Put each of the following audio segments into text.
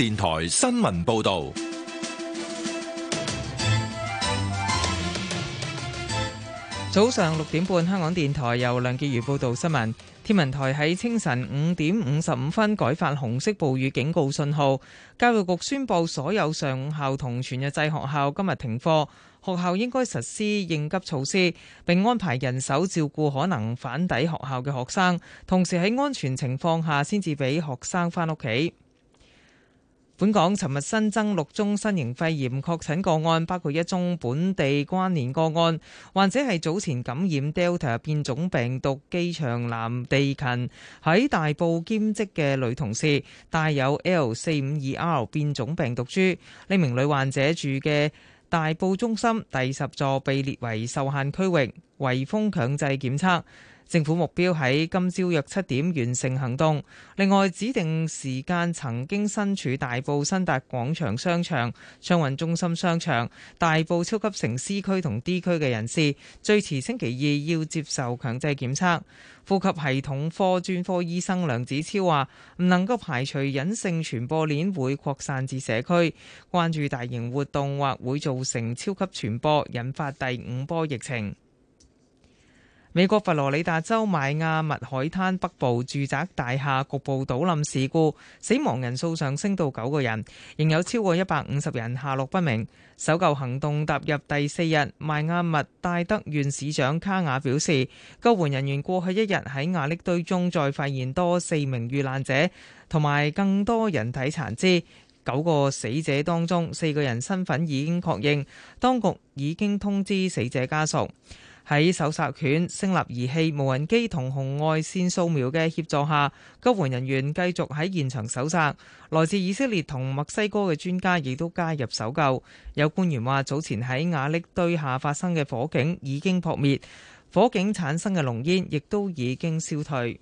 電臺新聞報道：早上六點半，香港電臺由梁潔如報道新聞。天文台喺清晨五點五十五分改發紅色暴雨警告信號。教育局宣布所有上午校同全日制學校今日停課，學校應該實施應急措施，並安排人手照顧可能返抵學校嘅學生，同時喺安全情況下先至俾學生返屋企。本港尋日新增六宗新型肺炎確診個案，包括一宗本地關聯個案。患者係早前感染 Delta 變種病毒機場男地勤喺大埔兼職嘅女同事，帶有 L 四五二 R 變種病毒株。呢名女患者住嘅大埔中心第十座被列為受限區域，圍封強制檢測。政府目標喺今朝約七點完成行動。另外，指定時間曾經身處大埔新達廣場商場、昌運中心商場、大埔超級城 C 區同 D 區嘅人士，最遲星期二要接受強制檢測。呼吸系統科專科醫生梁子超話：唔能夠排除隱性傳播鏈會擴散至社區，關注大型活動或會造成超級傳播，引發第五波疫情。美國佛羅里達州邁亞密海灘北部住宅大廈局部倒冧事故，死亡人數上升到九個人，仍有超過一百五十人下落不明。搜救行動踏入第四日，邁亞密戴德縣市長卡雅表示，救援人員過去一日喺瓦礫堆中再發現多四名遇難者，同埋更多人體殘肢。九個死者當中，四個人身份已經確認，當局已經通知死者家屬。喺搜索犬、聲納儀器、無人機同紅外線掃描嘅協助下，救援人員繼續喺現場搜索。來自以色列同墨西哥嘅專家亦都加入搜救。有官員話，早前喺瓦礫堆下發生嘅火警已經撲滅，火警產生嘅濃煙亦都已經消退。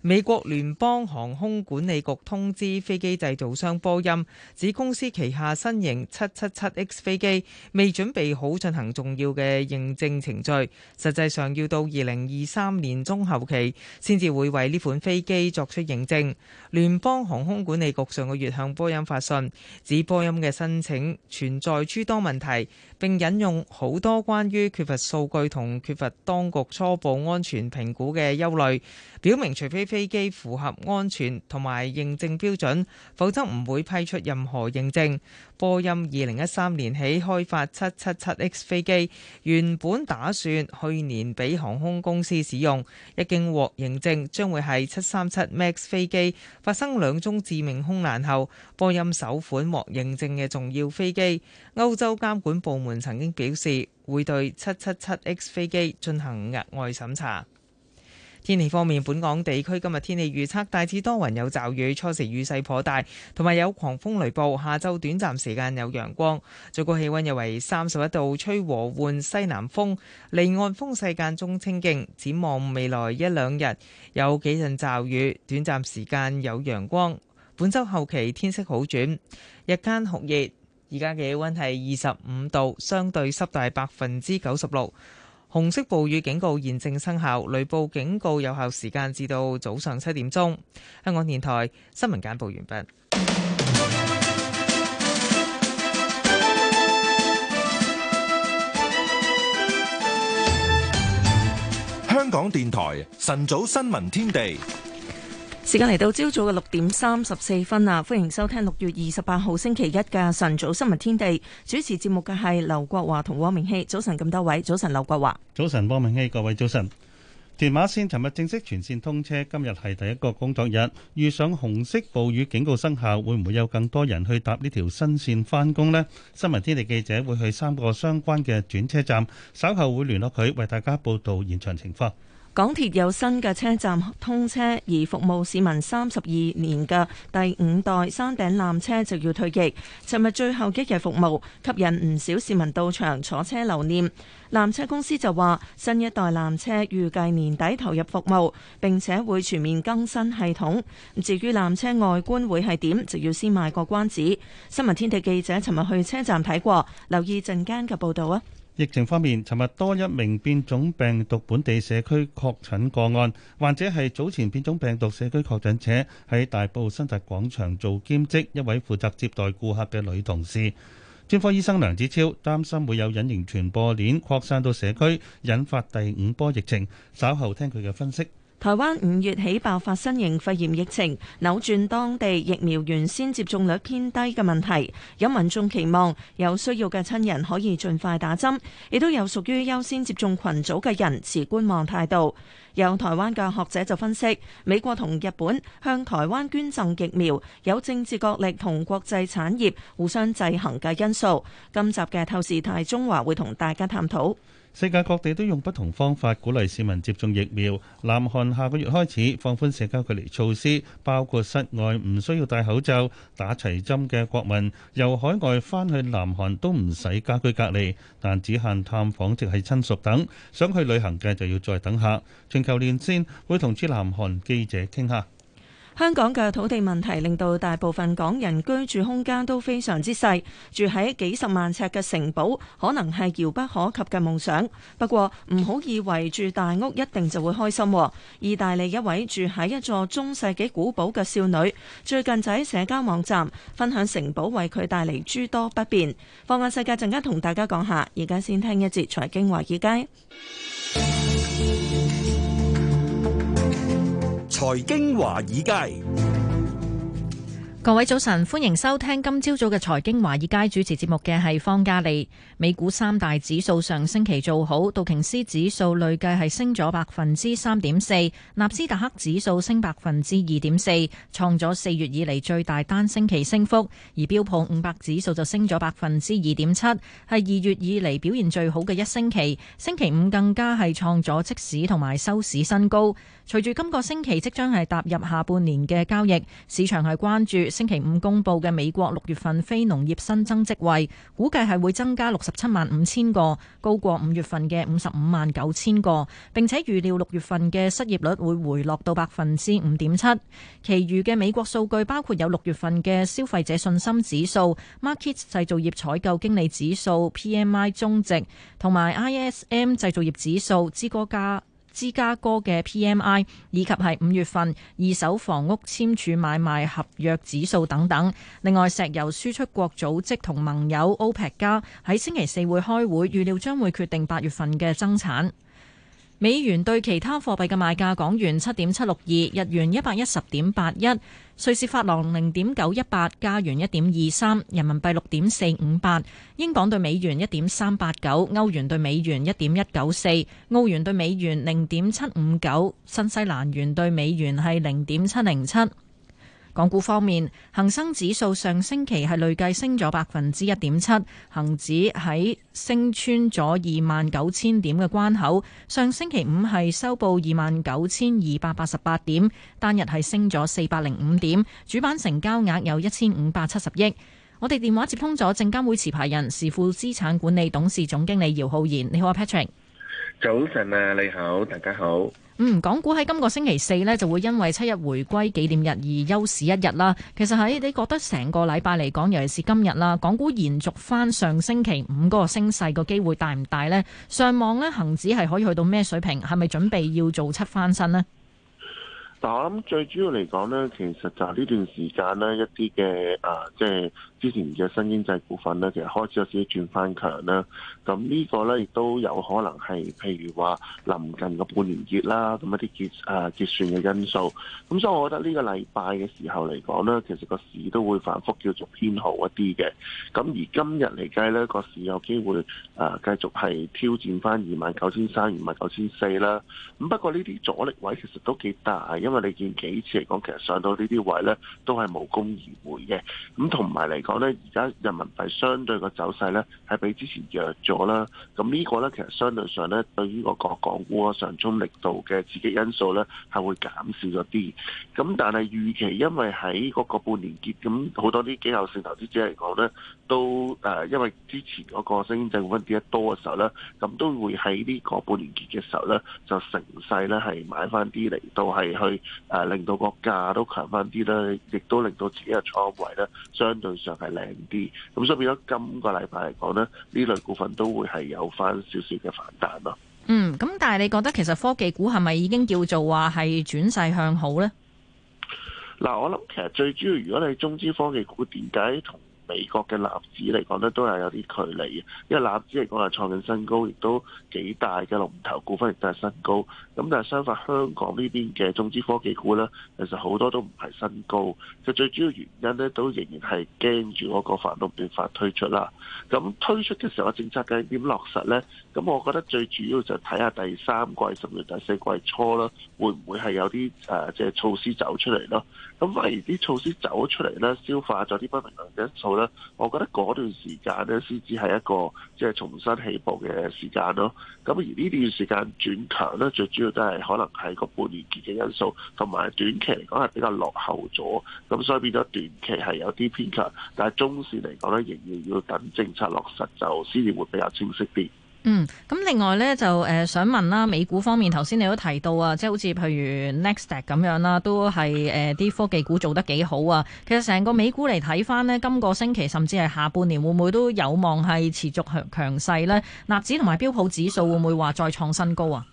美國聯邦航空管理局通知飛機製造商波音，指公司旗下新型 777X 飛機未準備好進行重要嘅認證程序，實際上要到二零二三年中後期先至會為呢款飛機作出認證。聯邦航空管理局上個月向波音發信，指波音嘅申請存在諸多問題。並引用好多關於缺乏數據同缺乏當局初步安全評估嘅憂慮，表明除非飛機符合安全同埋認證標準，否則唔會批出任何認證。波音二零一三年起開發七七七 X 飛機，原本打算去年俾航空公司使用，一經獲認證將會係七三七 MAX 飛機。發生兩宗致命空難後，波音首款獲認證嘅重要飛機。歐洲監管部門曾經表示，會對 777X 飛機進行額外審查。天氣方面，本港地區今日天氣預測大致多雲有驟雨，初時雨勢頗大，同埋有狂風雷暴。下晝短暫時間有陽光，最高氣溫約為三十一度，吹和緩西南風，離岸風勢間中清勁。展望未來一兩日有幾陣驟雨，短暫時間有陽光。本周後期天色好轉，日間酷熱。而家嘅氣溫係二十五度，相對濕度百分之九十六。紅色暴雨警告現正生效，雷暴警告有效時間至到早上七點鐘。香港電台新聞簡報完畢。香港電台晨早新聞天地。時間嚟到朝早嘅六點三十四分啦，歡迎收聽六月二十八號星期一嘅晨早新聞天地。主持節目嘅係劉國華同汪明熙。早晨，咁多位，早晨，劉國華，早晨，汪明熙，各位早晨。屯馬線尋日正式全線通車，今日係第一個工作日。遇上紅色暴雨警告生效，會唔會有更多人去搭呢條新線返工呢？新聞天地記者會去三個相關嘅轉車站，稍後會聯絡佢為大家報道現場情況。港鐵有新嘅車站通車，而服務市民三十二年嘅第五代山頂纜車就要退役。尋日最後一日服務，吸引唔少市民到場坐車留念。纜車公司就話，新一代纜車預計年底投入服務，並且會全面更新系統。至於纜車外觀會係點，就要先賣個關子。新聞天地記者尋日去車站睇過，留意陣間嘅報導啊！疫情方面，尋日多一名變種病毒本地社區確診個案，患者係早前變種病毒社區確診者，喺大埔新達廣場做兼職，一位負責接待顧客嘅女同事。專科醫生梁子超擔心會有隱形傳播鏈擴散到社區，引發第五波疫情。稍後聽佢嘅分析。台灣五月起爆發新型肺炎疫情，扭轉當地疫苗原先接種率偏低嘅問題。有民眾期望有需要嘅親人可以盡快打針，亦都有屬於優先接種群組嘅人持觀望態度。有台灣嘅學者就分析，美國同日本向台灣捐贈疫苗，有政治角力同國際產業互相制衡嘅因素。今集嘅透視大中華會同大家探討。世界各地都用不同方法鼓勵市民接種疫苗。南韓下個月開始放寬社交距離措施，包括室外唔需要戴口罩。打齊針嘅國民由海外翻去南韓都唔使家居隔離，但只限探訪直系親屬等。想去旅行嘅就要再等下。全球連線會同駐南韓記者傾下。香港嘅土地問題令到大部分港人居住空間都非常之細，住喺幾十萬尺嘅城堡可能係遙不可及嘅夢想。不過唔好以為住大屋一定就會開心。意大利一位住喺一座中世紀古堡嘅少女，最近就喺社交網站分享城堡為佢帶嚟諸多不便。放眼世界，陣間同大家講下。而家先聽一節財經華爾街。財經華爾街，各位早晨，歡迎收聽今朝早嘅財經華爾街，主持節目嘅係方嘉莉。美股三大指數上星期做好，道瓊斯指數累計係升咗百分之三點四，納斯達克指數升百分之二點四，創咗四月以嚟最大單星期升幅，而標普五百指數就升咗百分之二點七，係二月以嚟表現最好嘅一星期。星期五更加係創咗即市同埋收市新高。隨住今個星期即將係踏入下半年嘅交易，市場係關注星期五公布嘅美國六月份非農業新增職位，估計係會增加六十七萬五千個，高過五月份嘅五十五萬九千個，並且預料六月份嘅失業率會回落到百分之五點七。其餘嘅美國數據包括有六月份嘅消費者信心指數、market 製造業採購經理指數、PMI 中值同埋 ISM 製造業指數芝加哥，芝加哥嘅 PMI 以及係五月份二手房屋簽署買賣合約指數等等。另外，石油輸出國組織同盟友 OPEC 加喺星期四會開會，預料將會決定八月份嘅增產。美元兌其他貨幣嘅賣價：港元七點七六二，日元一百一十點八一，瑞士法郎零點九一八，加元一點二三，人民幣六點四五八，英鎊對美元一點三八九，歐元對美元一點一九四，澳元對美元零點七五九，新西蘭元對美元係零點七零七。港股方面，恒生指數上星期係累計升咗百分之一點七，恒指喺升穿咗二萬九千點嘅關口。上星期五係收報二萬九千二百八十八點，單日係升咗四百零五點，主板成交額有一千五百七十億。我哋電話接通咗證監會持牌人士富資產管理董事總經理姚浩然。你好，阿 Patrick。早晨啊，你好，大家好。嗯，港股喺今個星期四咧，就會因為七日回歸紀念日而休市一日啦。其實喺你覺得成個禮拜嚟講，尤其是今日啦，港股延續翻上星期五個升勢個機會大唔大咧？上網咧，恒指係可以去到咩水平？係咪準備要做七翻身咧？但係我諗最主要嚟講咧，其實就係呢段時間咧，一啲嘅誒，即係。之前嘅新經濟股份呢，其實開始有少少轉翻強啦。咁呢個呢，亦都有可能係，譬如話臨近個半年結啦，咁一啲結啊結算嘅因素。咁所以，我覺得呢個禮拜嘅時候嚟講呢，其實個市都會反覆叫做偏好一啲嘅。咁而今日嚟計呢個市有機會啊繼續係挑戰翻二萬九千三、二萬九千四啦。咁不過呢啲阻力位其實都幾大，因為你見幾次嚟講，其實上到呢啲位呢，都係無功而回嘅。咁同埋嚟講咧，而家人民幣相對個走勢咧，係比之前弱咗啦。咁呢個咧，其實相對上咧，對於個港股上衝力度嘅刺激因素咧，係會減少咗啲。咁但係預期，因為喺嗰個半年結，咁好多啲機構性投資者嚟講咧，都誒、呃，因為之前嗰個升整分跌得多嘅時候咧，咁都會喺呢個半年結嘅時候咧，就成勢咧係買翻啲嚟到係去誒、呃，令到個價都強翻啲啦，亦都令到自己嘅倉位咧相對上。係靚啲，咁所以變咗今個禮拜嚟講呢，呢類股份都會係有翻少少嘅反彈咯。嗯，咁但係你覺得其實科技股係咪已經叫做話係轉勢向好呢？嗱，嗯，我諗其實最主要，如果你中資科技股點解同？美國嘅納指嚟講呢，都係有啲距離。因為納指嚟講係創緊新高，亦都幾大嘅龍頭股份，亦都係新高。咁但係相反，香港呢邊嘅中資科技股呢，其實好多都唔係新高。其實最主要原因呢，都仍然係驚住嗰個反動變法推出啦。咁推出嘅時候，政策嘅點落實呢？咁我覺得最主要就睇下第三季、十月、第四季初啦，會唔會係有啲誒即係措施走出嚟咯？咁反而啲措施走出嚟咧，消化咗啲不明朗嘅因素咧，我覺得嗰段時間咧先至係一個即係重新起步嘅時間咯。咁而呢段時間轉強咧，最主要都係可能係個半年結嘅因素，同埋短期嚟講，係比較落後咗，咁所以變咗短期係有啲偏強，但係中線嚟講咧仍然要等政策落實，就先至會比較清晰啲。嗯，咁另外咧就誒、呃、想問啦，美股方面，頭先你都提到啊，即係好似譬如 Nextech 咁樣啦，都係誒啲科技股做得幾好啊。其實成個美股嚟睇翻呢，今、這個星期甚至係下半年會唔會都有望係持續強強勢咧？納指同埋標普指數會唔會話再創新高啊？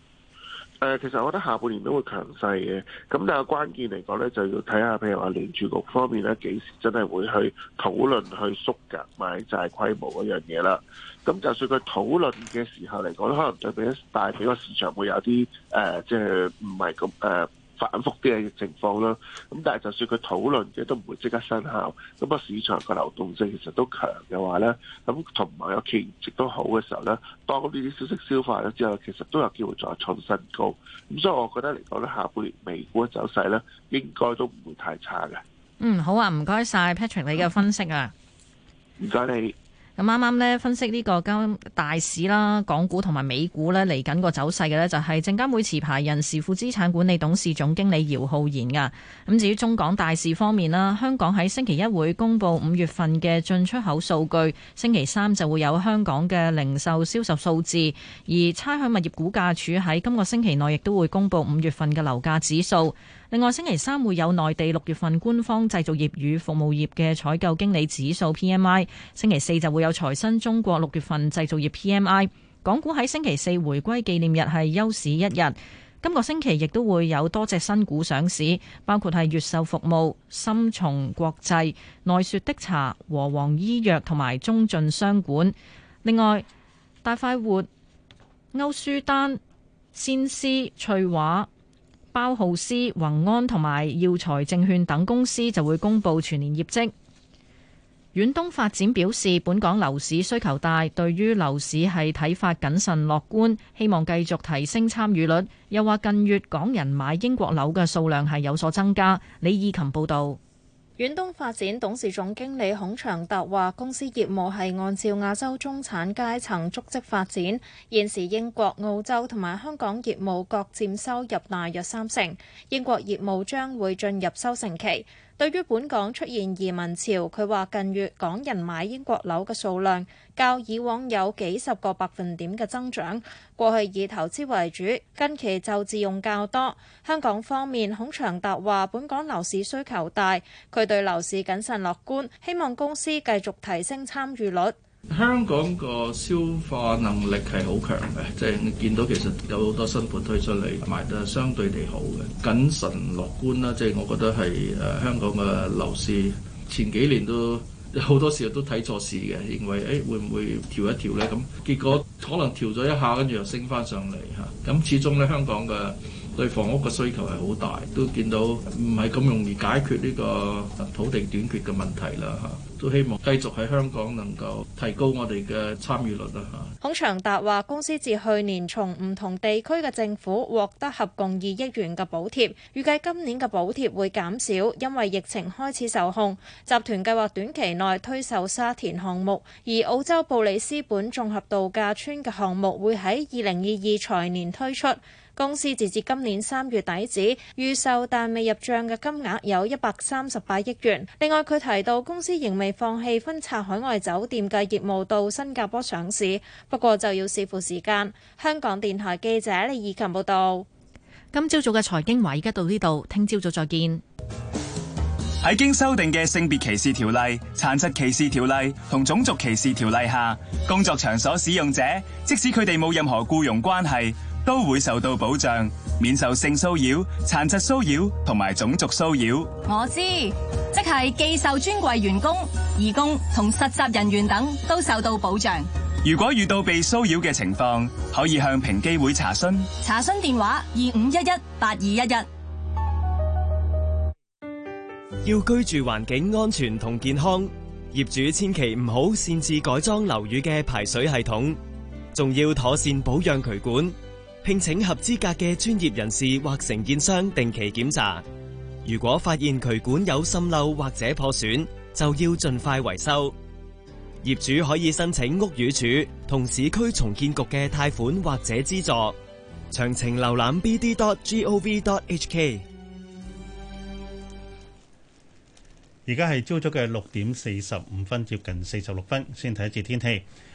誒、呃，其實我覺得下半年都會強勢嘅，咁但係關鍵嚟講呢，就要睇下譬如話聯儲局方面呢，幾時真係會去討論去縮窄買債規模嗰樣嘢啦。咁就算佢討論嘅時候嚟講可能就畀個市場會有啲誒，即係唔係咁誒反覆嘅情況啦。咁但係就算佢討論嘅都唔會即刻生效。咁個市場個流動性其實都強嘅話咧，咁同埋有企業值都好嘅時候咧，當呢啲消息消化咗之後，其實都有機會再創新高。咁所以我覺得嚟講咧，下半年美股嘅走勢咧，應該都唔會太差嘅。嗯，好啊，唔該晒 Patrick 你嘅分析啊。唔該你。咁啱啱呢分析呢個交大市啦，港股同埋美股呢嚟緊個走勢嘅呢，就係證監會持牌人士時富資產管理董事總經理姚浩然噶。咁至於中港大市方面啦，香港喺星期一會公布五月份嘅進出口數據，星期三就會有香港嘅零售銷售數字，而差響物業估價處喺今個星期內亦都會公布五月份嘅樓價指數。另外星期三會有內地六月份官方製造業與服務業嘅採購經理指數 P.M.I。星期四就會有財新中國六月份製造業 P.M.I。港股喺星期四回歸紀念日係休市一日。今個星期亦都會有多隻新股上市，包括係越秀服務、森松國際、奈雪的茶、和黃醫藥同埋中駿商管。另外，大快活、歐舒丹、先施、翠華。包浩斯、宏安同埋耀才證券等公司就會公布全年業績。遠東發展表示，本港樓市需求大，對於樓市係睇法謹慎樂觀，希望繼續提升參與率。又話近月港人買英國樓嘅數量係有所增加。李以琴報道。遠東發展董事總經理孔祥達話，公司業務係按照亞洲中產階層足跡發展。現時英國、澳洲同埋香港業務各佔收入大約三成，英國業務將會進入收成期。對於本港出現移民潮，佢話近月港人買英國樓嘅數量較以往有幾十個百分點嘅增長。過去以投資為主，近期就自用較多。香港方面，孔祥達話本港樓市需求大，佢對樓市謹慎樂觀，希望公司繼續提升參與率。香港個消化能力係好強嘅。即、就、係、是、你見到其實有好多新盤推出嚟，賣得相對地好嘅。謹慎樂觀啦，即、就、係、是、我覺得係誒香港嘅樓市前幾年都好多時候都睇錯市嘅，認為誒、欸、會唔會調一調呢？咁結果可能調咗一下，跟住又升翻上嚟嚇。咁始終咧，香港嘅對房屋嘅需求係好大，都見到唔係咁容易解決呢個土地短缺嘅問題啦。嚇，都希望繼續喺香港能夠提高我哋嘅參與率啦。孔祥達話：公司自去年從唔同地區嘅政府獲得合共二億元嘅補貼，預計今年嘅補貼會減少，因為疫情開始受控。集團計劃短期內推售沙田項目，而澳洲布里斯本綜合度假村嘅項目會喺二零二二財年推出。公司截至今年三月底止，預售但未入賬嘅金額有一百三十八億元。另外，佢提到公司仍未放棄分拆海外酒店嘅業務到新加坡上市，不過就要視乎時間。香港電台記者李以琴報道。今朝早嘅財經話，而家到呢度，聽朝早再見。喺經修訂嘅性別歧視條例、殘疾歧視條例同種族歧視條例下，工作場所使用者，即使佢哋冇任何僱傭關係。都會受到保障，免受性騷擾、殘疾騷擾同埋種族騷擾。我知，即係寄售專櫃員工、義工同實習人員等都受到保障。如果遇到被騷擾嘅情況，可以向平機會查詢。查詢電話：二五一一八二一一。要居住環境安全同健康，業主千祈唔好擅自改裝樓宇嘅排水系統，仲要妥善保養渠管。聘請合資格嘅專業人士或承建商定期檢查，如果發現渠管有滲漏或者破損，就要盡快維修。業主可以申請屋宇署同市區重建局嘅貸款或者資助。詳情瀏覽 bd.gov.hk。而家係朝早嘅六點四十五分，接近四十六分，先睇一節天氣。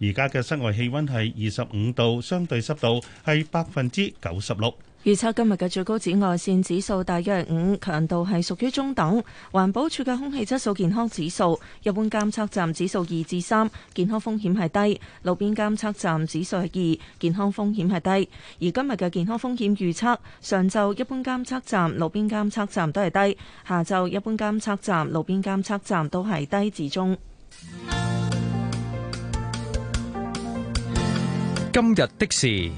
而家嘅室外氣溫係二十五度，相對濕度係百分之九十六。預測今日嘅最高紫外線指數大約五，強度係屬於中等。環保署嘅空氣質素健康指數，一般監測站指數二至三，健康風險係低；路邊監測站指數係二，健康風險係低。而今日嘅健康風險預測，上晝一般監測站、路邊監測站都係低；下晝一般監測站、路邊監測站都係低至中。今日的事，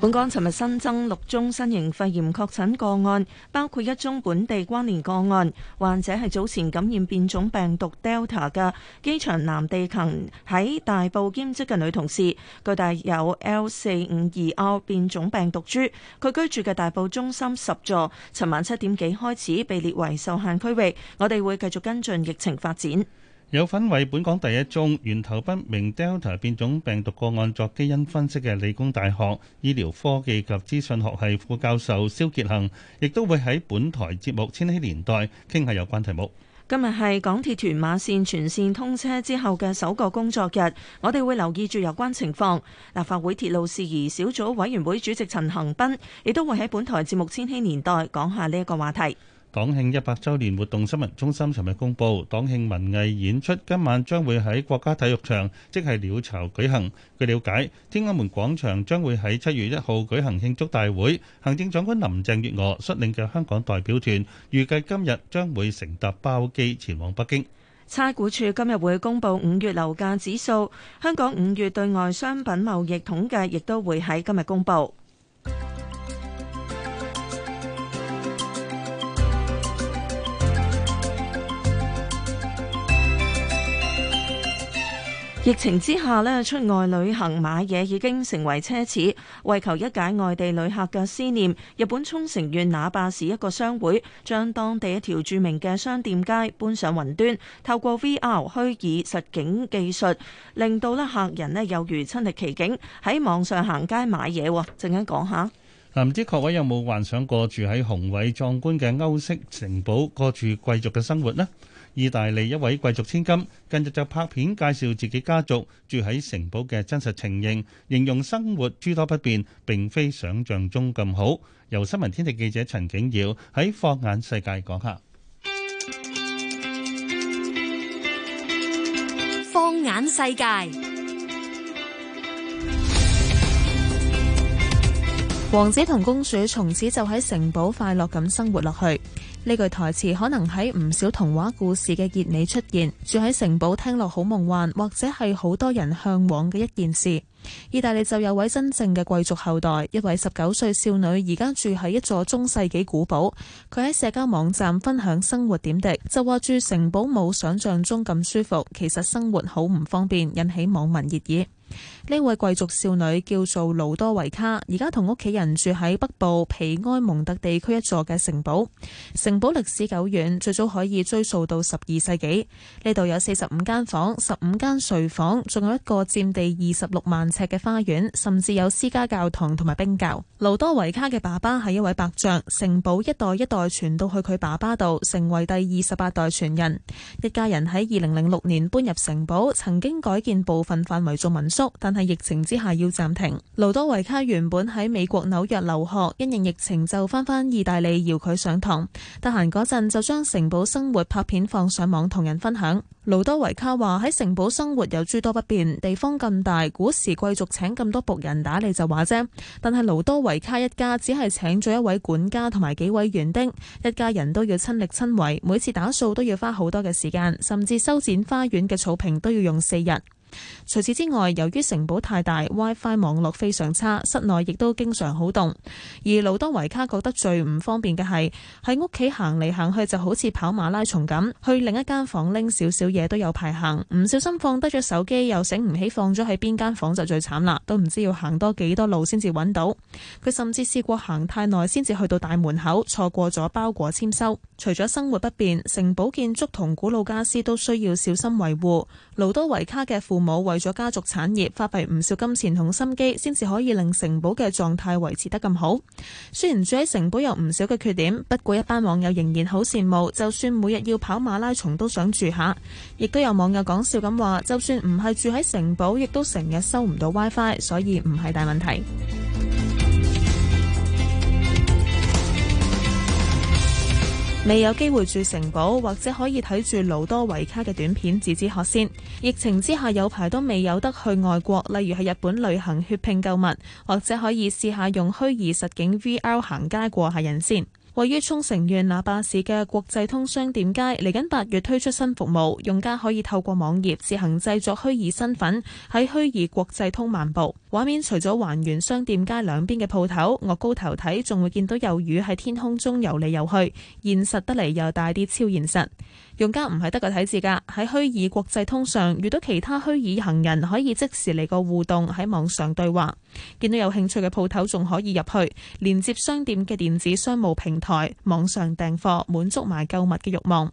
本港尋日新增六宗新型肺炎確診個案，包括一宗本地關聯個案，患者係早前感染變種病毒 Delta 嘅機場南地勤喺大埔兼職嘅女同事，佢帶有 L 四五二 R 變種病毒株，佢居住嘅大埔中心十座，尋晚七點幾開始被列為受限區域，我哋會繼續跟進疫情發展。有份為本港第一宗源頭不明 Delta 變種病毒個案作基因分析嘅理工大學醫療科技及資訊學系副教授蕭傑恒，亦都會喺本台節目《千禧年代》傾下有關題目。今日係港鐵屯馬線全線通車之後嘅首個工作日，我哋會留意住有關情況。立法會鐵路事宜小組委員會主席陳恒斌，亦都會喺本台節目《千禧年代》講下呢一個話題。黨慶一百週年活動新聞中心尋日公佈，黨慶文藝演出今晚將會喺國家體育場，即係鳥巢舉行。據瞭解，天安門廣場將會喺七月一號舉行慶祝大會。行政長官林鄭月娥率領嘅香港代表團，預計今日將會乘搭包機前往北京。差估處今日會公佈五月樓價指數，香港五月對外商品貿易統計亦都會喺今日公佈。疫情之下咧，出外旅行買嘢已經成為奢侈。為求一解外地旅客嘅思念，日本沖繩縣那霸市一個商會將當地一條著名嘅商店街搬上雲端，透過 VR 虛擬實景技術，令到咧客人咧有如親歷其境，喺網上行街買嘢。陣間講下，唔知各位有冇幻想過住喺宏偉壯觀嘅歐式城堡，過住貴族嘅生活呢？意大利一位貴族千金近日就拍片介紹自己家族住喺城堡嘅真實情形，形容生活諸多不便，並非想象中咁好。由新聞天地記者陳景耀喺《放眼世界》講下，《放眼世界》王子同公主從此就喺城堡快樂咁生活落去。呢句台詞可能喺唔少童話故事嘅結尾出現，住喺城堡聽落好夢幻，或者係好多人向往嘅一件事。意大利就有位真正嘅貴族後代，一位十九歲少女而家住喺一座中世紀古堡，佢喺社交網站分享生活點滴，就話住城堡冇想象中咁舒服，其實生活好唔方便，引起網民熱議。呢位貴族少女叫做盧多維卡，而家同屋企人住喺北部皮埃蒙特地區一座嘅城堡。城堡歷史久遠，最早可以追溯到十二世紀。呢度有四十五間房，十五間睡房，仲有一個佔地二十六萬尺嘅花園，甚至有私家教堂同埋冰窖。盧多維卡嘅爸爸係一位伯爵，城堡一代一代傳到去佢爸爸度，成為第二十八代傳人。一家人喺二零零六年搬入城堡，曾經改建部分範圍做民宿。但係疫情之下要暫停。盧多維卡原本喺美國紐約留學，因應疫情就返返意大利遙距上堂。得閒嗰陣就將城堡生活拍片放上網同人分享。盧多維卡話喺城堡生活有諸多不便，地方咁大，古時貴族請咁多僕人打理就話啫。但係盧多維卡一家只係請咗一位管家同埋幾位園丁，一家人都要親力親為，每次打掃都要花好多嘅時間，甚至修剪花園嘅草坪都要用四日。除此之外，由於城堡太大，WiFi 網絡非常差，室內亦都經常好凍。而盧多維卡覺得最唔方便嘅係喺屋企行嚟行去就好似跑馬拉松咁，去另一間房拎少少嘢都有排行。唔小心放低咗手機又醒唔起放咗喺邊間房就最慘啦，都唔知要行多幾多路先至揾到。佢甚至試過行太耐先至去到大門口，錯過咗包裹簽收。除咗生活不便，城堡建築同古老家私都需要小心維護。盧多維卡嘅父母為咗家族產業，花費唔少金錢同心機，先至可以令城堡嘅狀態維持得咁好。雖然住喺城堡有唔少嘅缺點，不過一班網友仍然好羨慕，就算每日要跑馬拉松都想住下。亦都有網友講笑咁話，就算唔係住喺城堡，亦都成日收唔到 WiFi，所以唔係大問題。未有機會住城堡，或者可以睇住盧多維卡嘅短片，自知學先。疫情之下有排都未有得去外國，例如係日本旅行血拼購物，或者可以試下用虛擬實境 V R 行街過下癮先。位於沖繩縣那霸市嘅國際通商店街，嚟緊八月推出新服務，用家可以透過網頁自行製作虛擬身份，喺虛擬國際通漫步。畫面除咗還原商店街兩邊嘅鋪頭，我高頭睇仲會見到有魚喺天空中游嚟游去，現實得嚟又帶啲超現實。用家唔係得個睇字㗎，喺虛擬國際通上遇到其他虛擬行人，可以即時嚟個互動喺網上對話。見到有興趣嘅鋪頭，仲可以入去連接商店嘅電子商務平台，網上訂貨，滿足埋購物嘅慾望。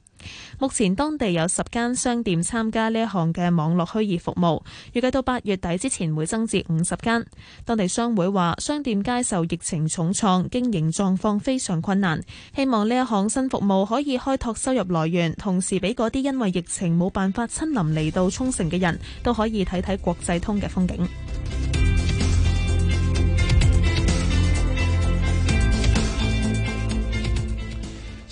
目前當地有十間商店參加呢一項嘅網絡虛擬服務，預計到八月底之前會增至五十間。當地商會話：商店街受疫情重創，經營狀況非常困難，希望呢一項新服務可以開拓收入來源，同時俾嗰啲因為疫情冇辦法親臨嚟到沖繩嘅人都可以睇睇國際通嘅風景。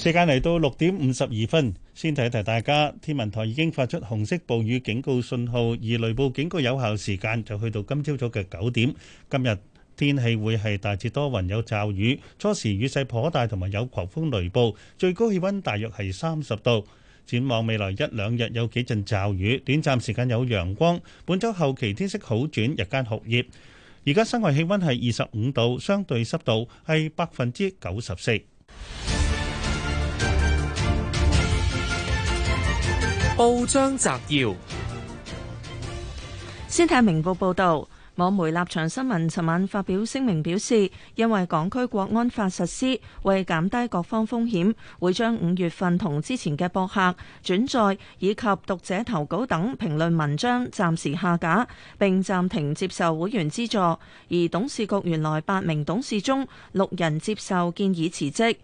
時間嚟到六點五十二分，先提一提大家。天文台已經發出紅色暴雨警告信號，而雷暴警告有效時間就去到今朝早嘅九點。今日天氣會係大致多雲，有驟雨，初時雨勢頗大，同埋有狂風雷暴。最高氣溫大約係三十度。展望未來一兩日有幾陣驟雨，短暫時間有陽光。本周後期天色好轉，日間酷熱。而家室外氣溫係二十五度，相對濕度係百分之九十四。報章摘要：先睇明報報道，網媒立場新聞尋晚發表聲明表示，因為港區國安法實施，為減低各方風險，會將五月份同之前嘅博客轉載以及讀者投稿等評論文章暫時下架，並暫停接受會員資助。而董事局原來八名董事中，六人接受建議辭職。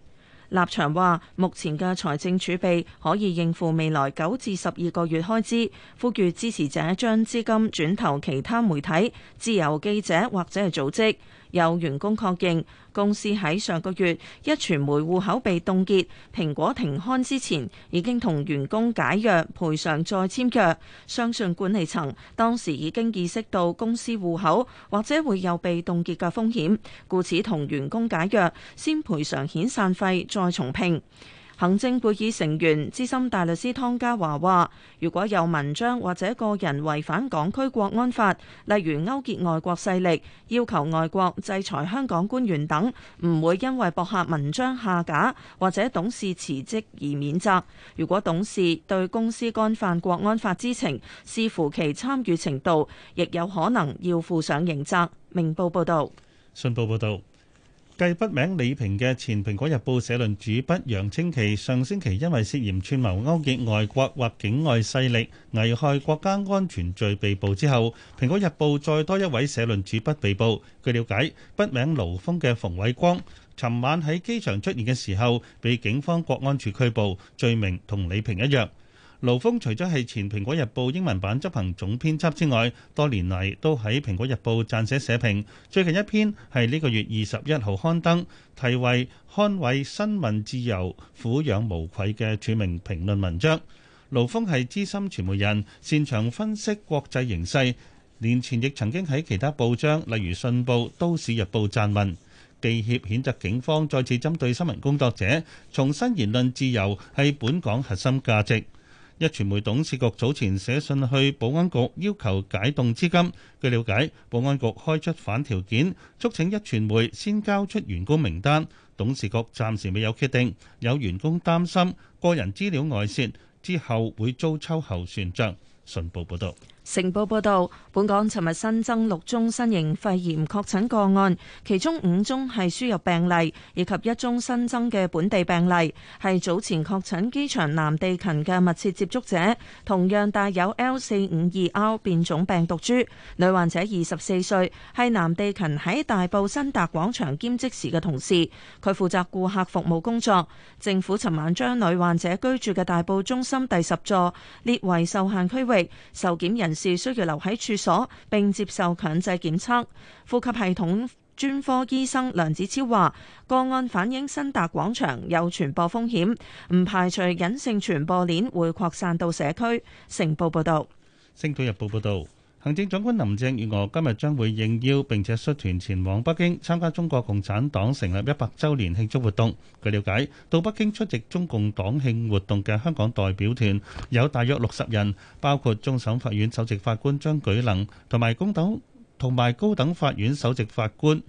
立場話：目前嘅財政儲備可以應付未來九至十二個月開支，呼籲支持者將資金轉投其他媒體、自由記者或者係組織。有員工確認，公司喺上個月壹傳媒戶口被凍結，蘋果停刊之前已經同員工解約、賠償、再簽約，相信管理層當時已經意識到公司戶口或者會有被凍結嘅風險，故此同員工解約，先賠償遣散費，再重聘。行政會議成員資深大律師湯家驊話，如果有文章或者個人違反港區國安法，例如勾結外國勢力、要求外國制裁香港官員等，唔會因為博客文章下架或者董事辭職而免責。如果董事對公司干犯國安法之情，視乎其參與程度，亦有可能要負上刑責。明報報道。信報報導。繼筆名李平嘅前《蘋果日報》社論主筆楊清奇上星期因為涉嫌串謀勾結外國或境外勢力危害國家安全罪被捕之後，《蘋果日報》再多一位社論主筆被捕。據了解，筆名盧峰嘅馮偉光，尋晚喺機場出現嘅時候被警方國安處拘捕，罪名同李平一樣。盧峰除咗係前《蘋果日報》英文版執行總編輯之外，多年嚟都喺《蘋果日報》撰寫社評。最近一篇係呢個月二十一號刊登，題為《捍衛新聞自由，俯仰無愧》嘅署名評論文章。盧峰係資深傳媒人，擅長分析國際形勢。年前亦曾經喺其他報章，例如《信報》、《都市日報》撰文，記協譴責警方再次針對新聞工作者，重申言論自由係本港核心價值。壹傳媒董事局早前寫信去保安局要求解凍資金。據了解，保安局開出反條件，促請壹傳媒先交出員工名單。董事局暫時未有決定。有員工擔心個人資料外泄之後會遭秋後算賬。信報報道。成報報導，本港尋日新增六宗新型肺炎確診個案，其中五宗係輸入病例，以及一宗新增嘅本地病例，係早前確診機場南地勤嘅密切接觸者，同樣帶有 L 四五二 R 變種病毒株。女患者二十四歲，係南地勤喺大埔新達廣場兼職時嘅同事，佢負責顧客服務工作。政府尋晚將女患者居住嘅大埔中心第十座列為受限區域，受檢人事需要留喺處所並接受強制檢測。呼吸系統專科醫生梁子超話，個案反映新達廣場有傳播風險，唔排除隱性傳播鏈會擴散到社區。成報報道，星島日報報道。行政長官林鄭月娥今日將會應邀並且率團前往北京參加中國共產黨成立一百週年慶祝活動。據瞭解，到北京出席中共黨慶活動嘅香港代表團有大約六十人，包括終審法院首席法官張舉能同埋公等同埋高等法院首席法官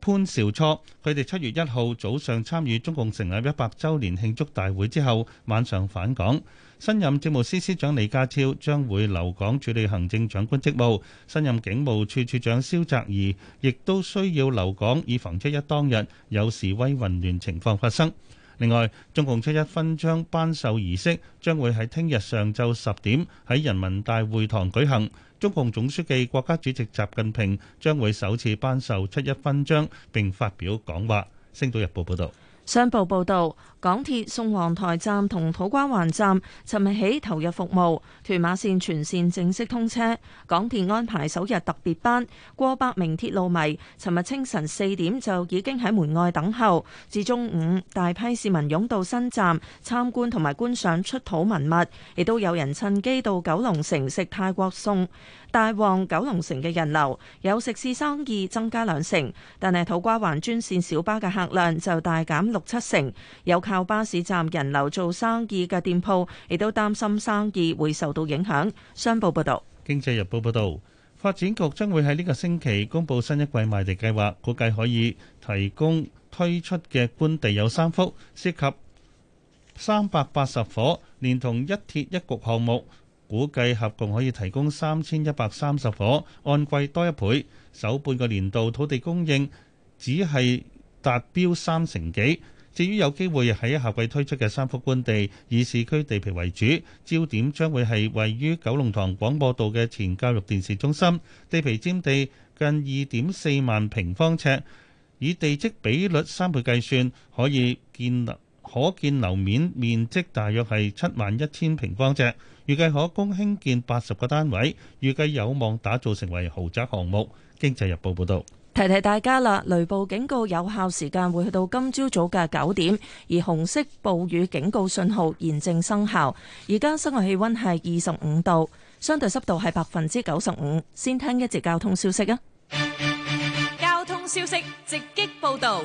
潘兆初。佢哋七月一號早上參與中共成立一百週年慶祝大會之後，晚上返港。新任政務司司長李家超將會留港處理行政長官職務，新任警務處處長蕭澤頤亦都需要留港，以防七一當日有示威混亂情況發生。另外，中共七一勳章頒授儀式將會喺聽日上晝十點喺人民大會堂舉行，中共總書記、國家主席習近平將會首次頒授七一勳章，並發表講話。星島日報報道，商報報道。港鐵宋皇台站同土瓜灣站，尋日起投入服務。屯馬線全線正式通車，港鐵安排首日特別班，過百名鐵路迷尋日清晨四點就已經喺門外等候。至中午，大批市民湧到新站參觀同埋觀賞出土文物，亦都有人趁機到九龍城食泰國餸。大旺九龍城嘅人流，有食肆生意增加兩成，但係土瓜灣專線小巴嘅客量就大減六七成，有。靠巴士站人流做生意嘅店鋪，亦都擔心生意會受到影響。商報報道，經濟日報報道，發展局將會喺呢個星期公布新一季賣地計劃，估計可以提供推出嘅官地有三幅，涉及三百八十伙，連同一鐵一局項目，估計合共可以提供三千一百三十伙，按季多一倍。首半個年度土地供應只係達標三成幾。至於有機會喺夏季推出嘅三幅官地，以市區地皮為主，焦點將會係位於九龍塘廣播道嘅前教育電視中心地皮，佔地近二點四萬平方尺，以地積比率三倍計算，可以建可建樓面面積大約係七萬一千平方尺，預計可供興建八十個單位，預計有望打造成為豪宅項目。經濟日報報導。提提大家啦，雷暴警告有效時間會去到今朝早嘅九點，而紅色暴雨警告信號現正生效。而家室外氣溫係二十五度，相對濕度係百分之九十五。先聽一節交通消息啊！交通消息直擊報道。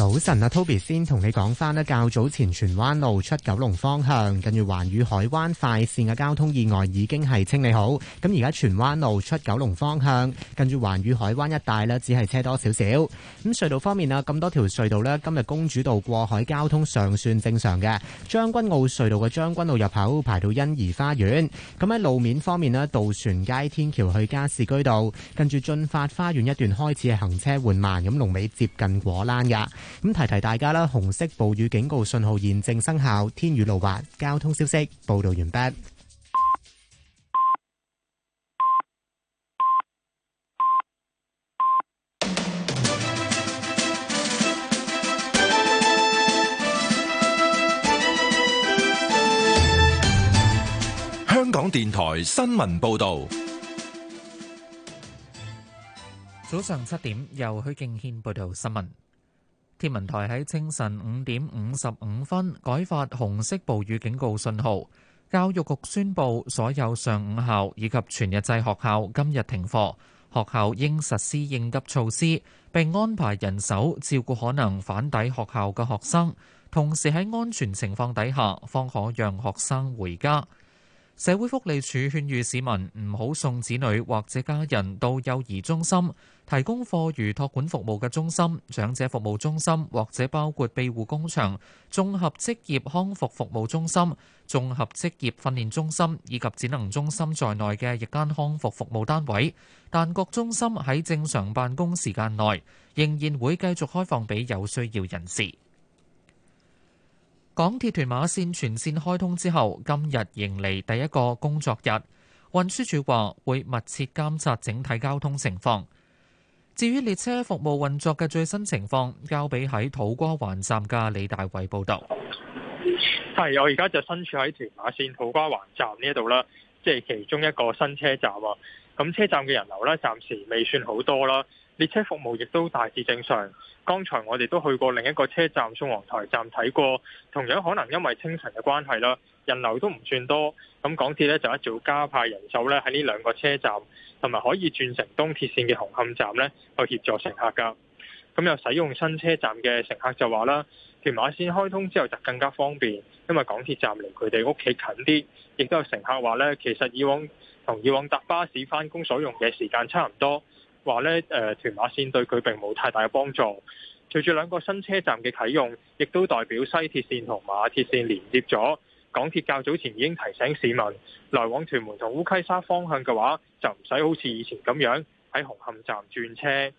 早晨啊，Toby 先同你講翻咧。較早前荃灣路出九龍方向近住環宇海灣快線嘅交通意外已經係清理好。咁而家荃灣路出九龍方向近住環宇海灣一帶呢，只係車多少少。咁隧道方面啊，咁多條隧道呢，今日公主道過海交通尚算正常嘅。將軍澳隧道嘅將軍澳入口排到欣怡花園。咁喺路面方面咧，渡船街天橋去加士居道近住駿發花園一段開始係行車緩慢，咁龍尾接近果欄噶。咁提提大家啦，紅色暴雨警告信號現正生效，天雨路滑。交通消息報道完畢。香港電台新聞報道，早上七點由許敬軒報道新聞。天文台喺清晨五點五十五分改發紅色暴雨警告信號。教育局宣布，所有上午校以及全日制學校今日停課。學校應實施應急措施，並安排人手照顧可能返抵學校嘅學生，同時喺安全情況底下，方可讓學生回家。社會福利署勸喻市民唔好送子女或者家人到幼兒中心、提供課餘託管服務嘅中心、長者服務中心或者包括庇護工場、綜合職業康復服務中心、綜合職業訓練中心以及展能中心在內嘅日間康復服務單位，但各中心喺正常辦公時間內仍然會繼續開放俾有需要人士。港鐵屯馬線全線開通之後，今日迎嚟第一個工作日。運輸署話會密切監察整體交通情況。至於列車服務運作嘅最新情況，交俾喺土瓜灣站嘅李大偉報導。係，我而家就身處喺屯馬線土瓜灣站呢度啦，即係其中一個新車站啊。咁車站嘅人流咧，暫時未算好多啦。列車服務亦都大致正常。剛才我哋都去過另一個車站——宋皇台站，睇過同樣，可能因為清晨嘅關係啦，人流都唔算多。咁港鐵咧就一早加派人手咧喺呢兩個車站，同埋可以轉乘東鐵線嘅紅磡站咧，去協助乘客㗎。咁有使用新車站嘅乘客就話啦，屯馬線開通之後就更加方便，因為港鐵站離佢哋屋企近啲。亦都有乘客話咧，其實以往同以往搭巴士返工所用嘅時間差唔多。話咧，誒，屯馬線對佢並冇太大嘅幫助。隨住兩個新車站嘅啟用，亦都代表西鐵線同馬鐵線連接咗。港鐵較早前已經提醒市民，來往屯門同烏溪沙方向嘅話，就唔使好似以前咁樣喺紅磡站轉車。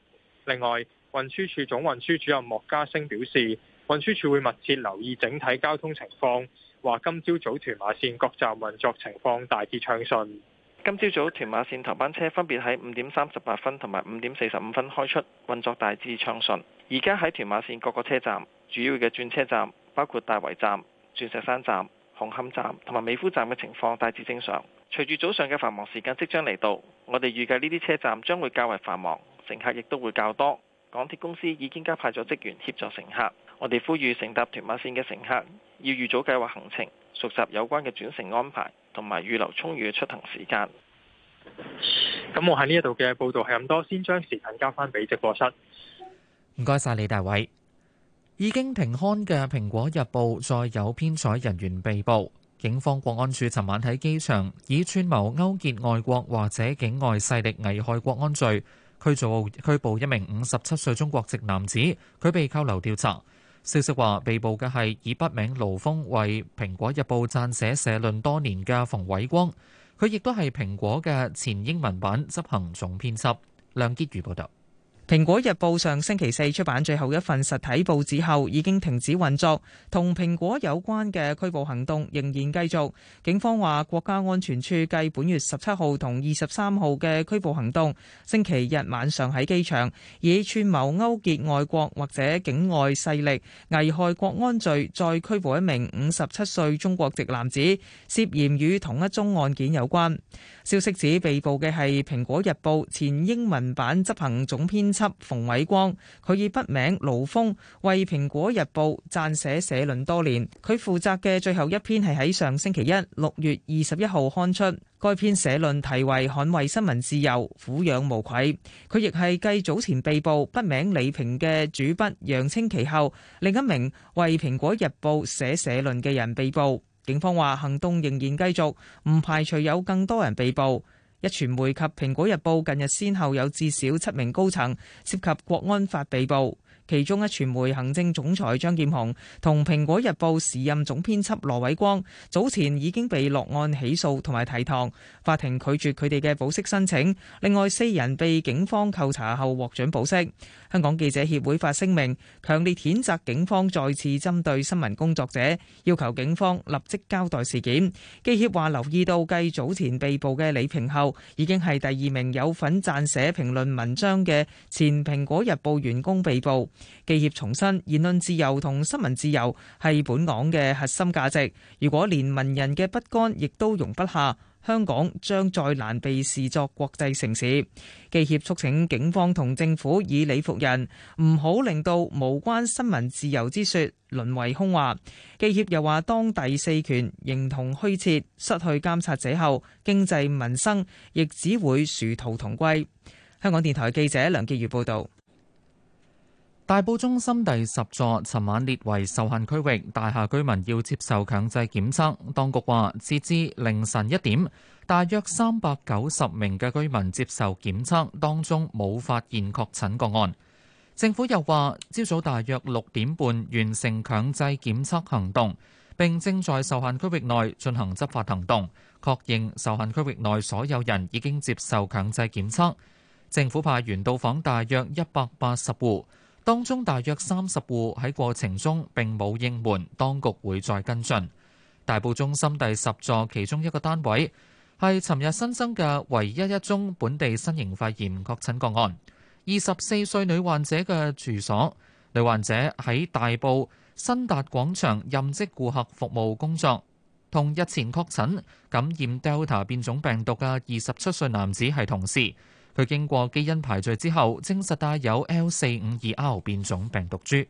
另外，運輸署總運輸主任莫家聲表示，運輸署會密切留意整體交通情況。話今朝早屯馬線各站運作情況大致暢順。今朝早早屯馬線頭班車分別喺五點三十八分同埋五點四十五分開出，運作大致暢順。而家喺屯馬線各個車站，主要嘅轉車站包括大圍站、鑽石山站、紅磡站同埋美孚站嘅情況大致正常。隨住早上嘅繁忙時間即將嚟到，我哋預計呢啲車站將會較為繁忙，乘客亦都會較多。港鐵公司已經加派咗職員協助乘客。我哋呼籲乘搭屯馬線嘅乘客要預早計劃行程。熟習有關嘅轉乘安排，同埋預留充裕嘅出行時間。咁我喺呢一度嘅報道係咁多，先將時間交翻俾直播室。唔該晒，李大偉。已經停刊嘅《蘋果日報》再有編採人員被捕，警方國安處尋晚喺機場以串謀勾結外國或者境外勢力危害國安罪拘做拘捕一名五十七歲中國籍男子，佢被扣留調查。消息話，被捕嘅係以筆名盧峯為《蘋果日報》撰寫社論多年嘅馮偉光，佢亦都係蘋果嘅前英文版執行總編輯。梁潔如報導。《蘋果日報》上星期四出版最後一份實體報紙後，已經停止運作。同蘋果有關嘅拘捕行動仍然繼續。警方話，國家安全處繼本月十七號同二十三號嘅拘捕行動，星期日晚上喺機場以串謀勾結外國或者境外勢力危害國安罪，再拘捕一名五十七歲中國籍男子，涉嫌與同一宗案件有關。消息指，被捕嘅係《蘋果日報》前英文版執行總編。馮偉光，佢以筆名盧峰為《蘋果日報》撰寫社論多年，佢負責嘅最後一篇係喺上星期一六月二十一號刊出。該篇社論題為捍衞新聞自由，俯仰無愧。佢亦係繼早前被捕筆名李平嘅主筆楊清奇後，另一名為《蘋果日報》寫社論嘅人被捕。警方話，行動仍然繼續，唔排除有更多人被捕。一傳媒及蘋果日報近日先後有至少七名高層涉及國安法被捕，其中一傳媒行政總裁張劍虹同蘋果日報時任總編輯羅偉光早前已經被落案起訴同埋提堂，法庭拒絕佢哋嘅保釋申請。另外四人被警方扣查後獲准保釋。香港記者協會發聲明，強烈譴責警方再次針對新聞工作者，要求警方立即交代事件。記協話留意到，繼早前被捕嘅李平後，已經係第二名有份撰寫評論文章嘅前《蘋果日報》員工被捕。記協重申，言論自由同新聞自由係本港嘅核心價值，如果連文人嘅不甘亦都容不下。香港將再難被視作國際城市。記協促請警方同政府以理服人，唔好令到無關新聞自由之説淪為空話。記協又話，當第四權形同虛設、失去監察者後，經濟民生亦只會殊途同歸。香港電台記者梁健如報導。大埔中心第十座，尋晚列為受限區域，大廈居民要接受強制檢測。當局話，截至凌晨一點，大約三百九十名嘅居民接受檢測，當中冇發現確診個案。政府又話，朝早大約六點半完成強制檢測行動，並正在受限區域內進行執法行動，確認受限區域內所有人已經接受強制檢測。政府派員到訪大約一百八十戶。當中大約三十戶喺過程中並冇應門，當局會再跟進。大埔中心第十座其中一個單位係尋日新增嘅唯一一宗本地新型肺炎確診個案，二十四歲女患者嘅住所。女患者喺大埔新達廣場任職顧客服務工作，同日前確診感染 Delta 變種病毒嘅二十七歲男子係同事。佢經過基因排序之後，證實帶有 L 四五二 R 變種病毒株。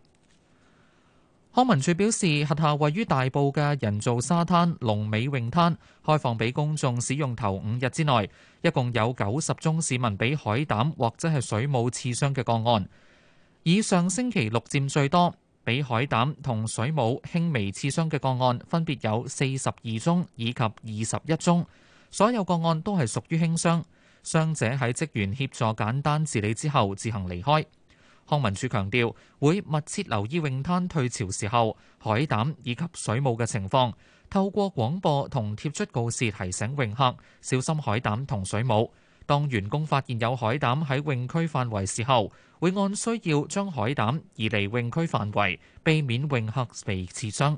康文署表示，轄下位於大埔嘅人造沙灘龍尾泳灘開放俾公眾使用頭五日之內，一共有九十宗市民俾海膽或者係水母刺傷嘅個案，以上星期六佔最多。俾海膽同水母輕微刺傷嘅個案分別有四十二宗以及二十一宗，所有個案都係屬於輕傷。傷者喺職員協助簡單治理之後自行離開。康文署強調會密切留意泳灘退潮時候海膽以及水母嘅情況，透過廣播同貼出告示提醒泳客小心海膽同水母。當員工發現有海膽喺泳區範圍時候，會按需要將海膽移離泳區範圍，避免泳客被刺傷。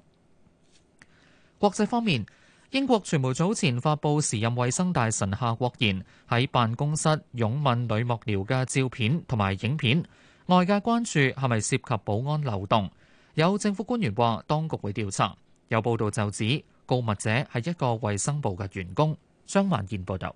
國際方面。英國傳媒早前發布時任衛生大臣夏國賢喺辦公室擁吻女幕僚嘅照片同埋影片，外界關注係咪涉及保安漏洞。有政府官員話當局會調查。有報道就指告密者係一個衛生部嘅員工。張曼燕報道。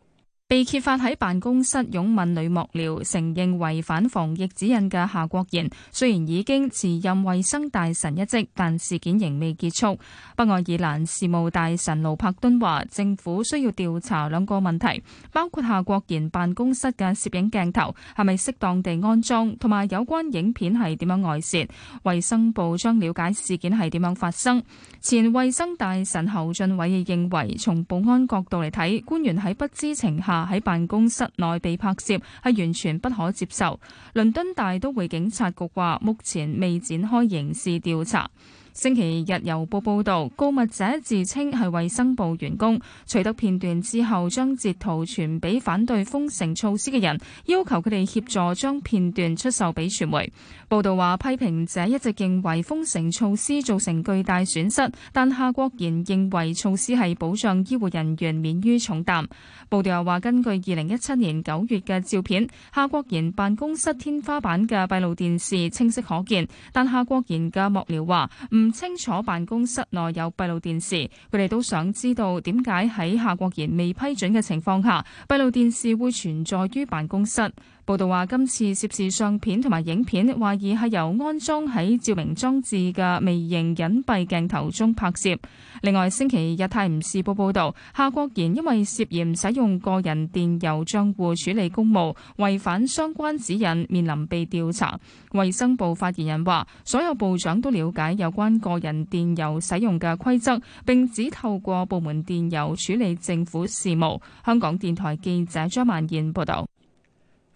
被揭發喺辦公室擁吻女幕僚，承認違反防疫指引嘅夏國賢，雖然已經辭任衛生大臣一職，但事件仍未結束。北愛爾蘭事務大臣盧柏敦話，政府需要調查兩個問題，包括夏國賢辦公室嘅攝影鏡頭係咪適當地安裝，同埋有關影片係點樣外洩。衛生部將了解事件係點樣發生。前衛生大臣侯俊偉亦認為，從保安角度嚟睇，官員喺不知情下。喺辦公室內被拍攝係完全不可接受。倫敦大都會警察局話，目前未展開刑事調查。星期日郵報報道，告密者自稱係衛生部員工，取得片段之後將截圖傳俾反對封城措施嘅人，要求佢哋協助將片段出售俾傳媒。報道話批評者一直認為封城措施造成巨大損失，但夏國賢認為措施係保障醫護人員免於重擔。報道又話，根據二零一七年九月嘅照片，夏國賢辦公室天花板嘅閉路電視清晰可見，但夏國賢嘅幕僚話唔清楚辦公室內有閉路電視。佢哋都想知道點解喺夏國賢未批准嘅情況下，閉路電視會存在於辦公室。報道話，今次涉事相片同埋影片，懷疑係由安裝喺照明裝置嘅微型隱蔽鏡頭中拍攝。另外，星期日《泰晤士報》報導，夏國賢因為涉嫌使用個人電郵帳戶處理公務，違反相關指引，面臨被調查。衛生部發言人話：所有部長都了解有關個人電郵使用嘅規則，並只透過部門電郵處理政府事務。香港電台記者張曼燕報導。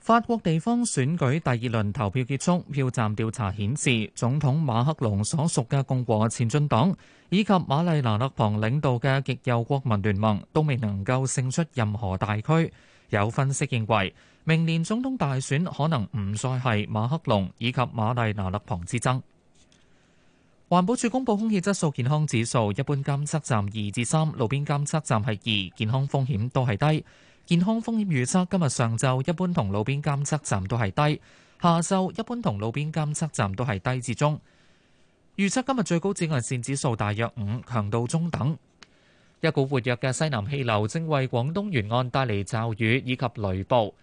法國地方選舉第二輪投票結束，票站調查顯示，總統馬克龍所屬嘅共和前進黨以及瑪麗娜勒龐領導嘅極右國民聯盟都未能夠勝出任何大區。有分析認為，明年總統大選可能唔再係馬克龍以及瑪麗娜勒龐之爭。環保署公布空氣質素健康指數，一般監測站二至三，路邊監測站係二，健康風險都係低。健康風險預測今日上晝一般同路邊監測站都係低，下晝一般同路邊監測站都係低至中。預測今日最高紫外線指數大約五，強度中等。一股活躍嘅西南氣流正為廣東沿岸帶嚟驟雨以及雷暴。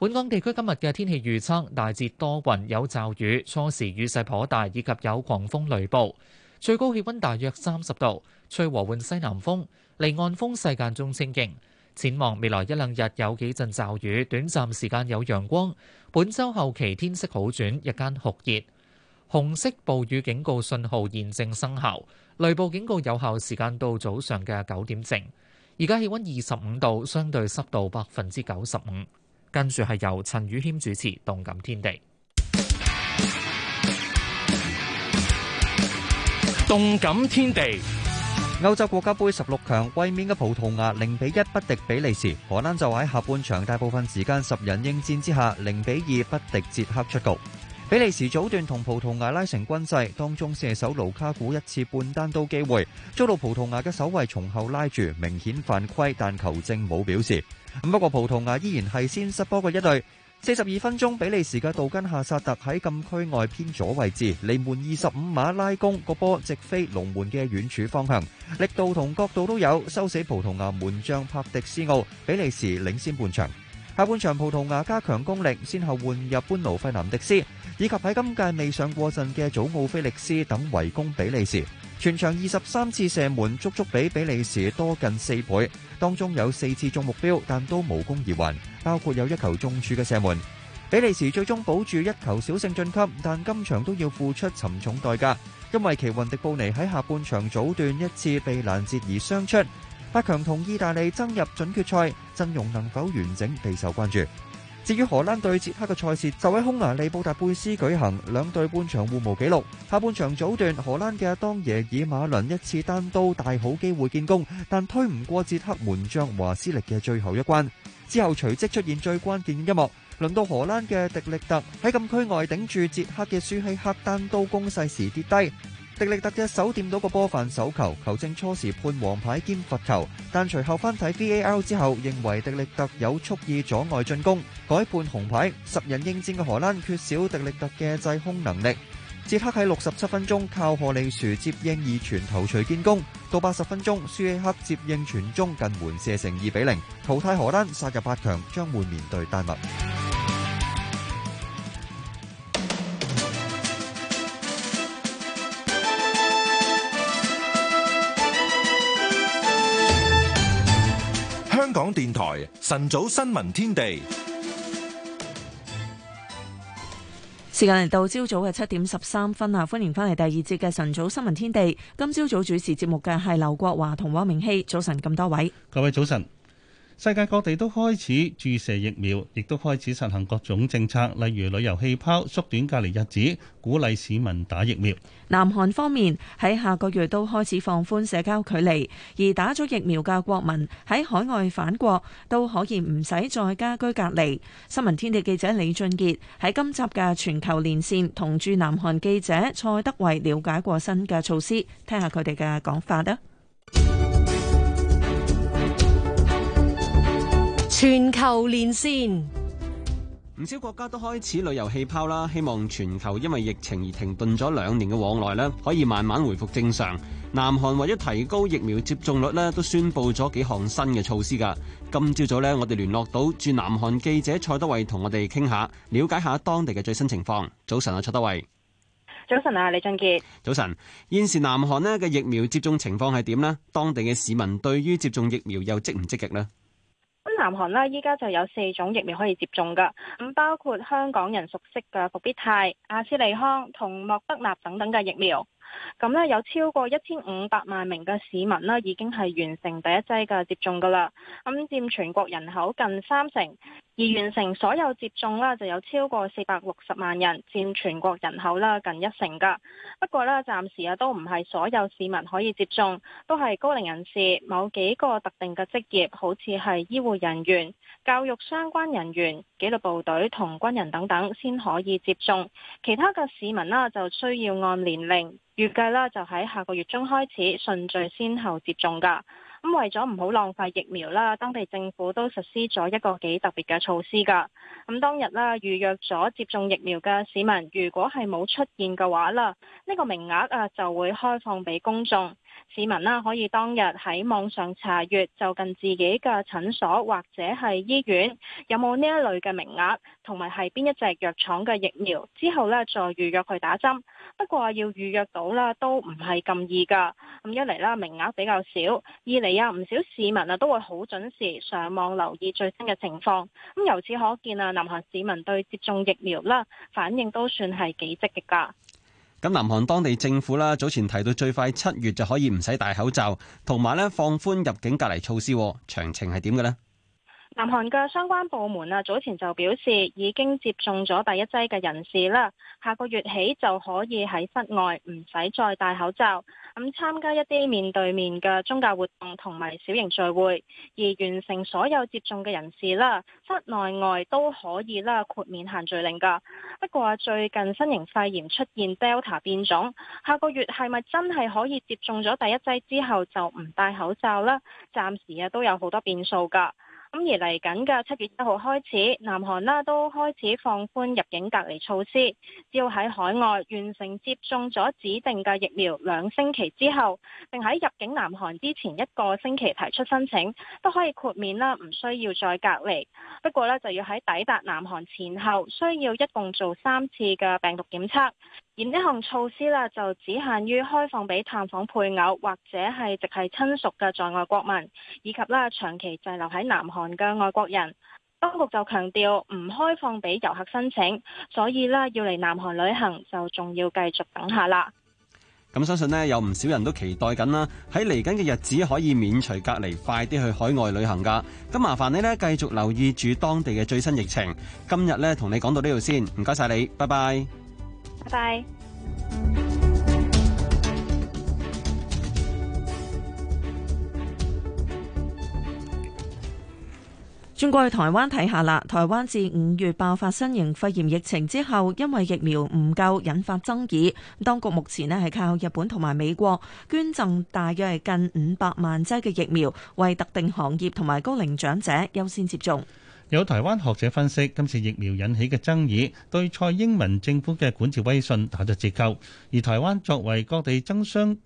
本港地區今日嘅天氣預測大致多雲有驟雨，初時雨勢頗大，以及有狂風雷暴。最高氣温大約三十度，吹和緩西南風，離岸風勢間中清勁。展望未來一兩日有幾陣驟雨，短暫時間有陽光。本周後期天色好轉，日間酷熱。紅色暴雨警告信號現正生效，雷暴警告有效時間到早上嘅九點正。而家氣温二十五度，相對濕度百分之九十五。跟住係由陳宇謙主持《動感天地》。動感天地。歐洲國家盃十六強衛冕嘅葡萄牙零比一不敵比利時，荷蘭就喺下半場大部分時間十人應戰之下零比二不敵捷克出局。比利時早段同葡萄牙拉成均勢，當中射手盧卡古一次半單刀機會，遭到葡萄牙嘅守衛從後拉住，明顯犯規但球證冇表示。咁不過葡萄牙依然係先失波嘅一隊。四十二分鐘，比利時嘅杜根夏薩特喺禁區外偏左位置，離門二十五碼拉弓，個波直飛龍門嘅遠處方向，力度同角度都有，收死葡萄牙門將帕迪斯奧。比利時領先半場，下半場葡萄牙加強攻力，先後換入班奴費南迪斯以及喺今屆未上過陣嘅祖奧菲力斯等圍攻比利時。全場二十三次射門，足足比比利時多近四倍。當中有四次中目標，但都無功而還，包括有一球中柱嘅射門。比利時最終保住一球小勝晉級，但今場都要付出沉重代價，因為奇雲迪布尼喺下半場早段一次被攔截而傷出，八強同意大利爭入準決賽陣容能否完整備受關注。至於荷蘭對捷克嘅賽事就喺匈牙利布達佩斯舉行，兩隊半場互無紀錄。下半場早段，荷蘭嘅當耶爾馬倫一次單刀大好機會見功，但推唔過捷克門將華斯力嘅最後一關。之後隨即出現最關鍵一幕，輪到荷蘭嘅迪力特喺禁區外頂住捷克嘅舒希克單刀攻勢時跌低。迪力特一手掂到個波犯手球，球證初時判黃牌兼罰球，但隨後翻睇 VAR 之後，認為迪力特有蓄意阻礙進攻，改判紅牌。十人應戰嘅荷蘭缺少迪力特嘅制空能力，捷克喺六十七分鐘靠荷利殊接應二傳頭錘建功，到八十分鐘舒希克接應傳中近門射成二比零，0, 淘汰荷蘭殺入八強，將會面對丹麥。晨早新聞天地，時間嚟到朝早嘅七點十三分啊！歡迎翻嚟第二節嘅晨早新聞天地。今朝早主持節目嘅係劉國華同汪明熙，早晨咁多位，各位早晨。世界各地都開始注射疫苗，亦都開始實行各種政策，例如旅遊氣泡、縮短隔離日子、鼓勵市民打疫苗。南韓方面喺下個月都開始放寬社交距離，而打咗疫苗嘅國民喺海外返國都可以唔使再家居隔離。新聞天地記者李俊傑喺今集嘅全球連線同駐南韓記者蔡德惠了解過新嘅措施，聽下佢哋嘅講法啦。全球連線，唔少國家都開始旅遊氣泡啦。希望全球因為疫情而停頓咗兩年嘅往來咧，可以慢慢回復正常。南韓為咗提高疫苗接種率咧，都宣布咗幾項新嘅措施㗎。今朝早呢，我哋聯絡到駐南韓記者蔡德偉，同我哋傾下，了解下當地嘅最新情況。早晨啊，蔡德偉。早晨啊，李俊傑。早晨，現時南韓呢嘅疫苗接種情況係點呢？當地嘅市民對於接種疫苗又積唔積極呢？咁南韓呢，依家就有四種疫苗可以接種噶，咁包括香港人熟悉嘅復必泰、阿斯利康同莫德納等等嘅疫苗。咁呢，有超過一千五百萬名嘅市民啦，已經係完成第一劑嘅接種㗎喇。咁佔全國人口近三成，而完成所有接種啦，就有超過四百六十萬人，佔全國人口啦近一成㗎。不過呢，暫時啊都唔係所有市民可以接種，都係高齡人士、某幾個特定嘅職業，好似係醫護人員、教育相關人員、紀律部隊同軍人等等先可以接種。其他嘅市民啦，就需要按年齡。預計啦，就喺下個月中開始順序先後接種噶。咁為咗唔好浪費疫苗啦，當地政府都實施咗一個幾特別嘅措施噶。咁當日啦，預約咗接種疫苗嘅市民，如果係冇出現嘅話啦，呢個名額啊就會開放俾公眾。市民啦，可以當日喺網上查閱就近自己嘅診所或者係醫院有冇呢一類嘅名額，同埋係邊一隻藥廠嘅疫苗，之後呢，再預約去打針。不過要預約到啦，都唔係咁易噶。咁一嚟啦，名額比較少；二嚟啊，唔少市民啊都會好準時上網留意最新嘅情況。咁由此可見啊，南韓市民對接種疫苗啦，反應都算係幾積極噶。咁南韓當地政府啦，早前提到最快七月就可以唔使戴口罩，同埋咧放寬入境隔離措施，詳情係點嘅咧？南韓嘅相關部門啊，早前就表示已經接種咗第一劑嘅人士啦，下個月起就可以喺室外唔使再戴口罩，咁參加一啲面對面嘅宗教活動同埋小型聚會，而完成所有接種嘅人士啦，室內外都可以啦豁免限聚令噶。不過啊，最近新型肺炎出現 Delta 變種，下個月係咪真係可以接種咗第一劑之後就唔戴口罩呢？暫時啊都有好多變數噶。咁而嚟緊嘅七月一號開始，南韓啦都開始放寬入境隔離措施，只要喺海外完成接種咗指定嘅疫苗兩星期之後，並喺入境南韓之前一個星期提出申請，都可以豁免啦，唔需要再隔離。不過呢，就要喺抵達南韓前後，需要一共做三次嘅病毒檢測。而呢項措施啦，就只限於開放俾探訪配偶或者係直系親屬嘅在外國民，以及啦長期滯留喺南韓嘅外國人。當局就強調唔開放俾遊客申請，所以啦，要嚟南韓旅行就仲要繼續等下啦。咁相信咧，有唔少人都期待緊啦，喺嚟緊嘅日子可以免除隔離，快啲去海外旅行噶。咁麻煩你咧，繼續留意住當地嘅最新疫情。今日咧，同你講到呢度先，唔該晒你，拜拜。拜拜。轉 Bye. 過去台灣睇下啦。台灣自五月爆發新型肺炎疫情之後，因為疫苗唔夠，引發爭議。當局目前呢係靠日本同埋美國捐贈大約係近五百萬劑嘅疫苗，為特定行業同埋高齡長者優先接種。有台灣學者分析，今次疫苗引起嘅爭議，對蔡英文政府嘅管治威信打咗折扣。而台灣作為各地爭相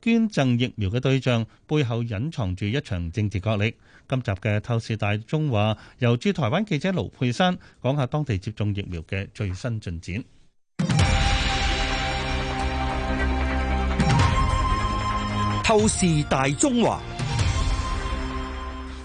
捐贈疫苗嘅對象，背後隱藏住一場政治角力。今集嘅《透視大中華》，由駐台灣記者盧佩珊講下當地接種疫苗嘅最新進展。《透視大中華》。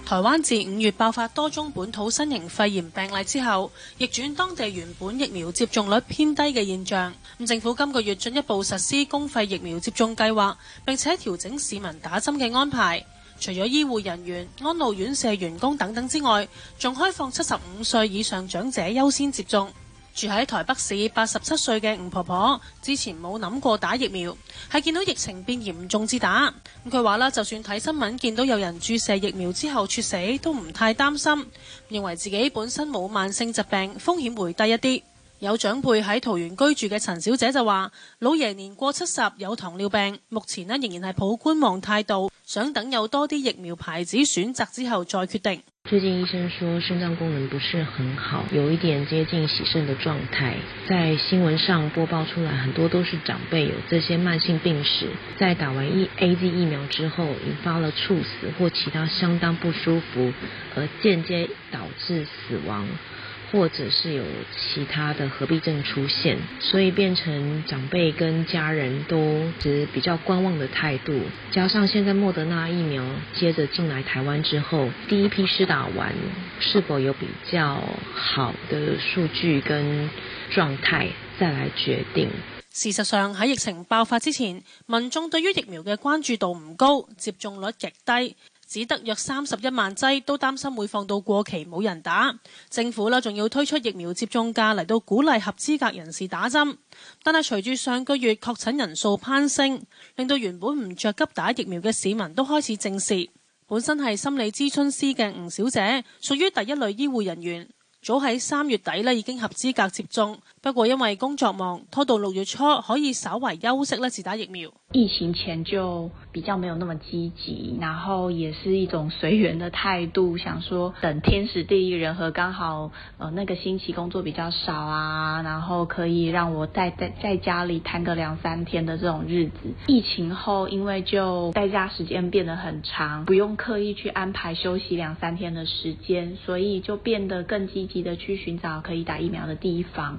台灣自五月爆發多宗本土新型肺炎病例之後，逆轉當地原本疫苗接種率偏低嘅現象。政府今個月進一步實施公費疫苗接種計劃，並且調整市民打針嘅安排。除咗醫護人員、安老院舍員工等等之外，仲開放七十五歲以上長者優先接種。住喺台北市八十七歲嘅吳婆婆，之前冇諗過打疫苗，係見到疫情變嚴重至打咁。佢話啦，就算睇新聞見到有人注射疫苗之後猝死，都唔太擔心，認為自己本身冇慢性疾病，風險會低一啲。有長輩喺桃園居住嘅陳小姐就話，老爺年過七十，有糖尿病，目前呢仍然係抱觀望態度，想等有多啲疫苗牌子選擇之後再決定。最近醫生說，腎臟功能不是很好，有一點接近洗腎嘅狀態。在新聞上播報出來，很多都是長輩有這些慢性病史，在打完一 AZ 疫苗之後，引發了猝死或其他相當不舒服，而間接導致死亡。或者是有其他的合併症出現，所以變成長輩跟家人都持比較觀望的態度。加上現在莫德納疫苗接着進來台灣之後，第一批施打完是否有比較好的數據跟狀態，再來決定。事實上喺疫情爆發之前，民眾對於疫苗嘅關注度唔高，接種率極低。只得約三十一萬劑，都擔心會放到過期冇人打。政府啦，仲要推出疫苗接種假嚟到鼓勵合資格人士打針。但係隨住上個月確診人數攀升，令到原本唔着急打疫苗嘅市民都開始正視。本身係心理諮詢師嘅吳小姐，屬於第一類醫護人員，早喺三月底咧已經合資格接種。不過因為工作忙，拖到六月初可以稍為休息咧，時打疫苗。疫情前就比較沒有那麼積極，然後也是一種隨緣的態度，想說等天時地利人和，剛好，呃，那個星期工作比較少啊，然後可以讓我在在在家裏攤個兩三天的這種日子。疫情後，因為就在家時間變得很長，不用刻意去安排休息兩三天的時間，所以就變得更積極的去尋找可以打疫苗的地方。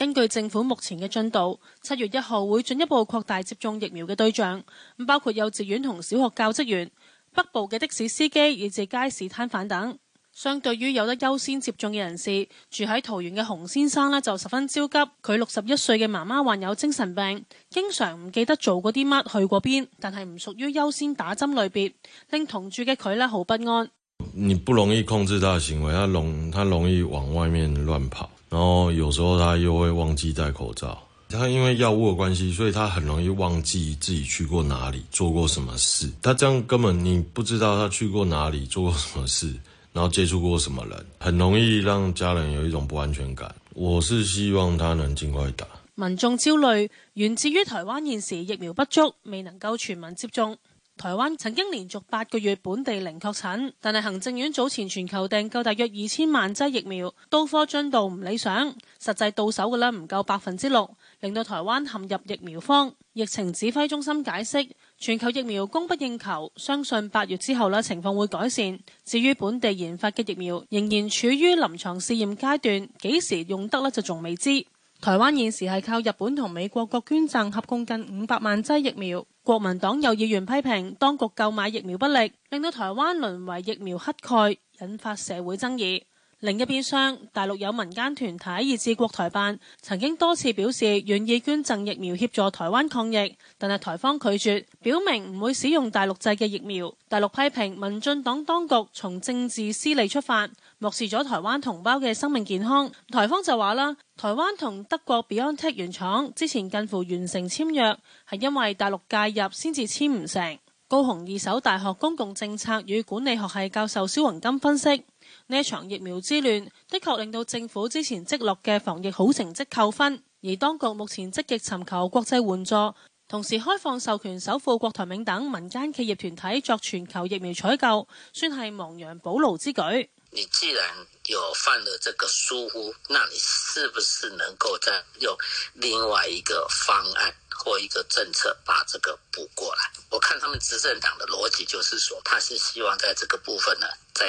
根據政府目前嘅進度，七月一號會進一步擴大接種疫苗嘅對象，包括幼稚園同小學教職員、北部嘅的，的士司機以至街市攤販等。相對於有得優先接種嘅人士，住喺桃園嘅洪先生咧就十分焦急。佢六十一歲嘅媽媽患有精神病，經常唔記得做過啲乜、去過邊，但係唔屬於優先打針類別，令同住嘅佢咧好不安。你不容易控制他嘅行為，他容他容易往外面亂跑。然後有時候他又會忘記戴口罩，他因為藥物的關係，所以他很容易忘記自己去過哪裏，做過什麼事。他這樣根本你不知道他去過哪裏，做過什麼事，然後接觸過什麼人，很容易讓家人有一種不安全感。我是希望他能盡快打。民眾焦慮源自於台灣現時疫苗不足，未能夠全民接種。台灣曾經連續八個月本地零確診，但係行政院早前全球訂購大約二千萬劑疫苗，到貨進度唔理想，實際到手嘅呢唔夠百分之六，令到台灣陷入疫苗荒。疫情指揮中心解釋，全球疫苗供不應求，相信八月之後呢情況會改善。至於本地研發嘅疫苗，仍然處於臨床試驗階段，幾時用得呢就仲未知。台灣現時係靠日本同美國各捐贈合共近五百萬劑疫苗，國民黨有議員批評當局購買疫苗不力，令到台灣淪為疫苗乞丐，引發社會爭議。另一邊廂，大陸有民間團體以至國台辦曾經多次表示願意捐贈疫苗協助台灣抗疫，但係台方拒絕，表明唔會使用大陸製嘅疫苗。大陸批評民進黨當局從政治私利出發。漠視咗台灣同胞嘅生命健康。台方就話啦，台灣同德國 BioNTech 原廠之前近乎完成簽約，係因為大陸介入先至簽唔成。高雄二手大學公共政策與管理學系教授蕭宏金分析,呢場疫苗之亂的確令到政府之前積落嘅防疫好成績扣分，而當局目前積極尋求國際援助，同時開放授權首富郭台銘等民間企業團體作全球疫苗採購，算係亡羊補牢之舉。你既然有犯了這個疏忽，那你是不是能夠再用另外一個方案或一個政策把這個補過來？我看他們執政黨的邏輯就是說，他是希望在這個部分呢再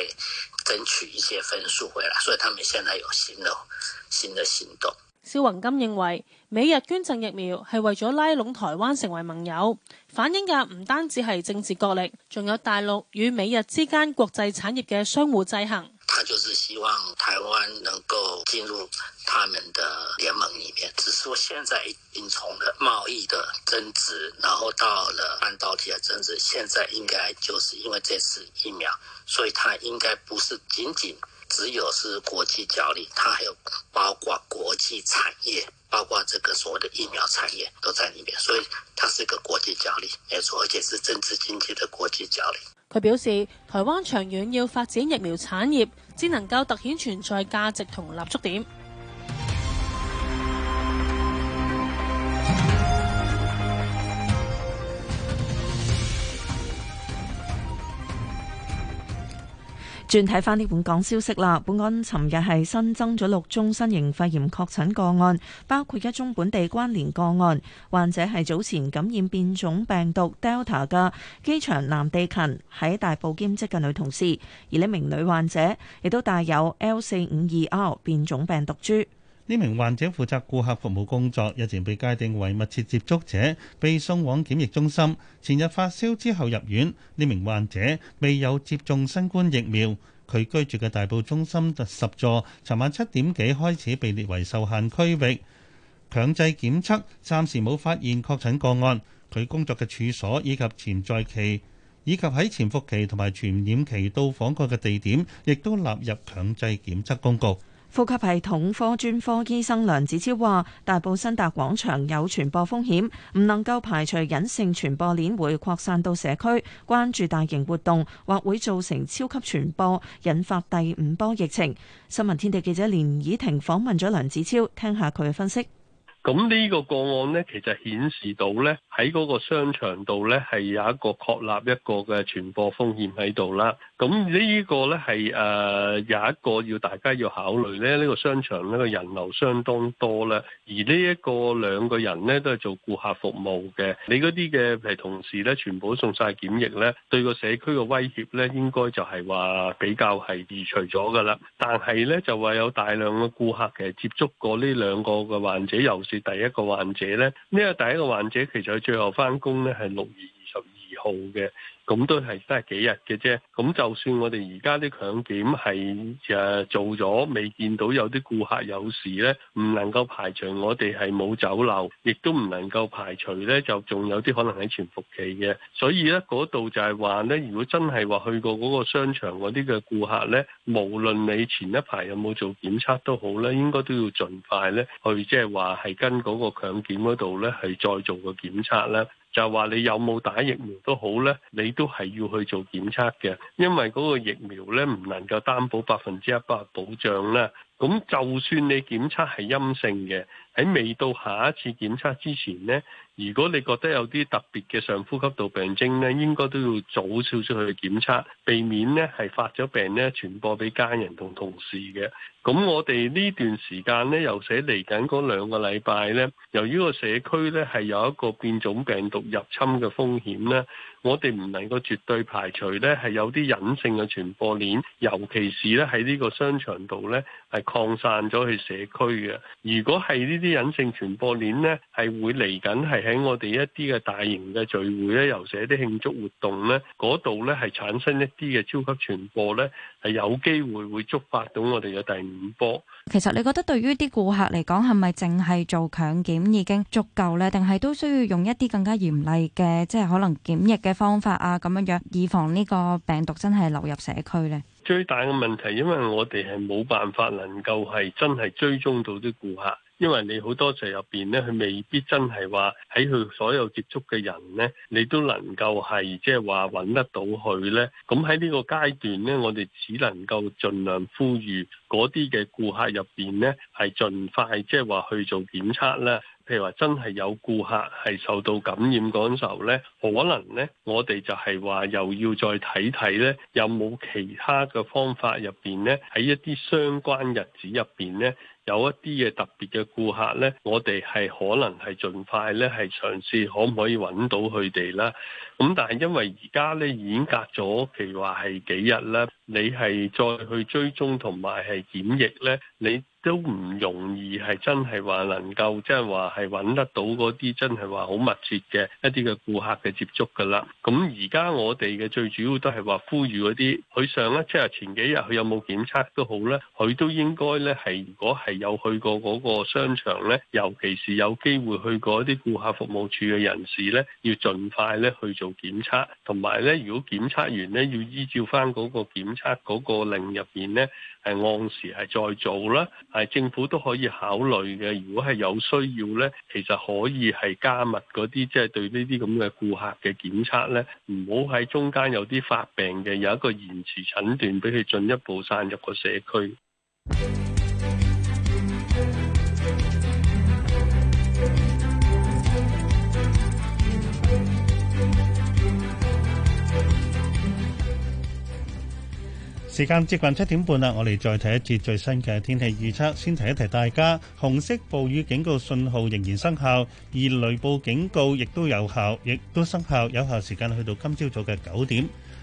爭取一些分數回來，所以他們現在有新的新的行動。肖宏金認為。美日捐贈疫苗係為咗拉攏台灣成為盟友，反映嘅唔單止係政治角力，仲有大陸與美日之間國際產業嘅相互制衡。他就是希望台灣能夠進入他們的聯盟裡面，只是現在已經從了貿易的增值，然後到了半導體嘅增值。現在應該就是因為這次疫苗，所以他應該不是僅僅。只有是國際角力，它還有包括國際產業，包括這個所謂的疫苗產業都在裏面，所以它是一個國際角力，沒錯，而且是政治經濟的國際角力。佢表示，台灣長遠要發展疫苗產業，只能夠凸顯存在價值同立足點。轉睇翻呢本港消息啦，本港尋日係新增咗六宗新型肺炎確診個案，包括一宗本地關聯個案，患者係早前感染變種病毒 Delta 嘅機場南地勤，喺大埔兼職嘅女同事，而呢名女患者亦都帶有 L 四五二 R 變種病毒株。呢名患者負責顧客服務工作，日前被界定為密切接觸者，被送往檢疫中心。前日發燒之後入院。呢名患者未有接種新冠疫苗。佢居住嘅大埔中心特十座，尋晚七點幾開始被列為受限區域，強制檢測。暫時冇發現確診個案。佢工作嘅處所以及潛在期以及喺潛伏期同埋傳染期到訪過嘅地點，亦都納入強制檢測公告。呼吸系統科專科醫生梁子超話：大埔新達廣場有傳播風險，唔能夠排除隱性傳播鏈會擴散到社區，關注大型活動，或會造成超級傳播，引發第五波疫情。新聞天地記者連以婷訪問咗梁子超，聽下佢嘅分析。咁呢個個案咧，其實顯示到咧喺嗰個商場度咧係有一個確立一個嘅傳播風險喺度啦。咁呢個咧係誒有一個要大家要考慮咧，呢個商場咧，個人流相當多啦，而呢一個兩個人咧都係做顧客服務嘅，你嗰啲嘅誒同事咧全部都送晒檢疫咧，對個社區嘅威脅咧應該就係話比較係移除咗噶啦。但係咧就話有大量嘅顧客其實接觸過呢兩個嘅患者由。是第一個患者咧，呢個第一個患者其實佢最後翻工咧係六月二十二號嘅。咁都係得幾日嘅啫。咁就算我哋而家啲強檢係誒做咗，未見到有啲顧客有事咧，唔能夠排除我哋係冇走漏，亦都唔能夠排除咧就仲有啲可能喺潛伏期嘅。所以咧嗰度就係話咧，如果真係話去過嗰個商場嗰啲嘅顧客咧，無論你前一排有冇做檢測都好咧，應該都要盡快咧去即係話係跟嗰個強檢嗰度咧係再做個檢測啦。就話，你有冇打疫苗都好咧，你都係要去做檢測嘅，因為嗰個疫苗咧唔能夠擔保百分之一百保障咧。咁就算你檢測係陰性嘅，喺未到下一次檢測之前呢，如果你覺得有啲特別嘅上呼吸道病徵呢，應該都要早少少去檢測，避免呢係發咗病呢傳播俾家人同同事嘅。咁、嗯、我哋呢段時間呢，由寫嚟緊嗰兩個禮拜呢，由於個社區呢，係有一個變種病毒入侵嘅風險呢，我哋唔能夠絕對排除呢，係有啲隱性嘅傳播鏈，尤其是呢喺呢個商場度呢。係。擴散咗去社區嘅，如果係呢啲隱性傳播鏈咧，係會嚟緊係喺我哋一啲嘅大型嘅聚會咧，又或者啲慶祝活動咧，嗰度咧係產生一啲嘅超級傳播咧，係有機會會觸發到我哋嘅第五波。其實你覺得對於啲顧客嚟講，係咪淨係做強檢已經足夠咧？定係都需要用一啲更加嚴厲嘅，即係可能檢疫嘅方法啊，咁樣樣，以防呢個病毒真係流入社區咧？最大嘅問題，因為我哋係冇辦法能夠係真係追蹤到啲顧客，因為你好多時入邊咧，佢未必真係話喺佢所有接觸嘅人咧，你都能夠係即係話揾得到佢咧。咁喺呢個階段咧，我哋只能夠盡量呼籲嗰啲嘅顧客入邊咧，係盡快即係話去做檢測啦。譬如話真係有顧客係受到感染嗰陣時候咧，可能咧我哋就係話又要再睇睇咧，有冇其他嘅方法入邊咧，喺一啲相關日子入邊咧，有一啲嘅特別嘅顧客咧，我哋係可能係儘快咧係嘗試可唔可以揾到佢哋啦。咁但係因為而家咧已經隔咗譬如話係幾日啦。你係再去追蹤同埋係檢疫呢，你都唔容易係真係話能夠，即係話係揾得到嗰啲真係話好密切嘅一啲嘅顧客嘅接觸噶啦。咁而家我哋嘅最主要都係話呼籲嗰啲，佢上一即係前幾日佢有冇檢測都好咧，佢都應該呢係如果係有去過嗰個商場呢，尤其是有機會去過一啲顧客服務處嘅人士呢，要儘快呢去做檢測，同埋呢，如果檢測完呢要依照翻嗰個檢測。測嗰個令入邊呢，係按時係再做啦。係政府都可以考慮嘅。如果係有需要呢，其實可以係加密嗰啲，即係對呢啲咁嘅顧客嘅檢測呢。唔好喺中間有啲發病嘅，有一個延遲診斷，俾佢進一步散入個社區。時間接近七點半啦，我哋再睇一次最新嘅天氣預測。先提一提大家，紅色暴雨警告信號仍然生效，而雷暴警告亦都有效，亦都生效，有效時間去到今朝早嘅九點。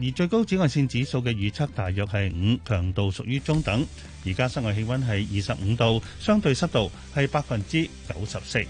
而最高紫外線指數嘅預測大約係五，強度屬於中等。而家室外氣溫係二十五度，相對濕度係百分之九十四。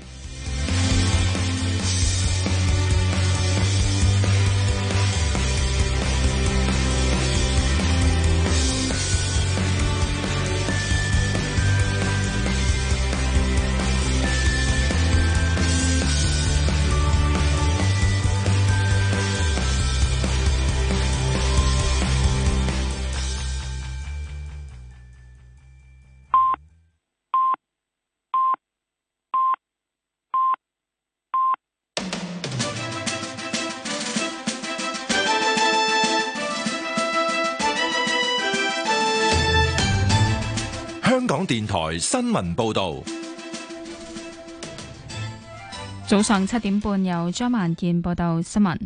新聞報道，早上七點半由張萬健報道新聞。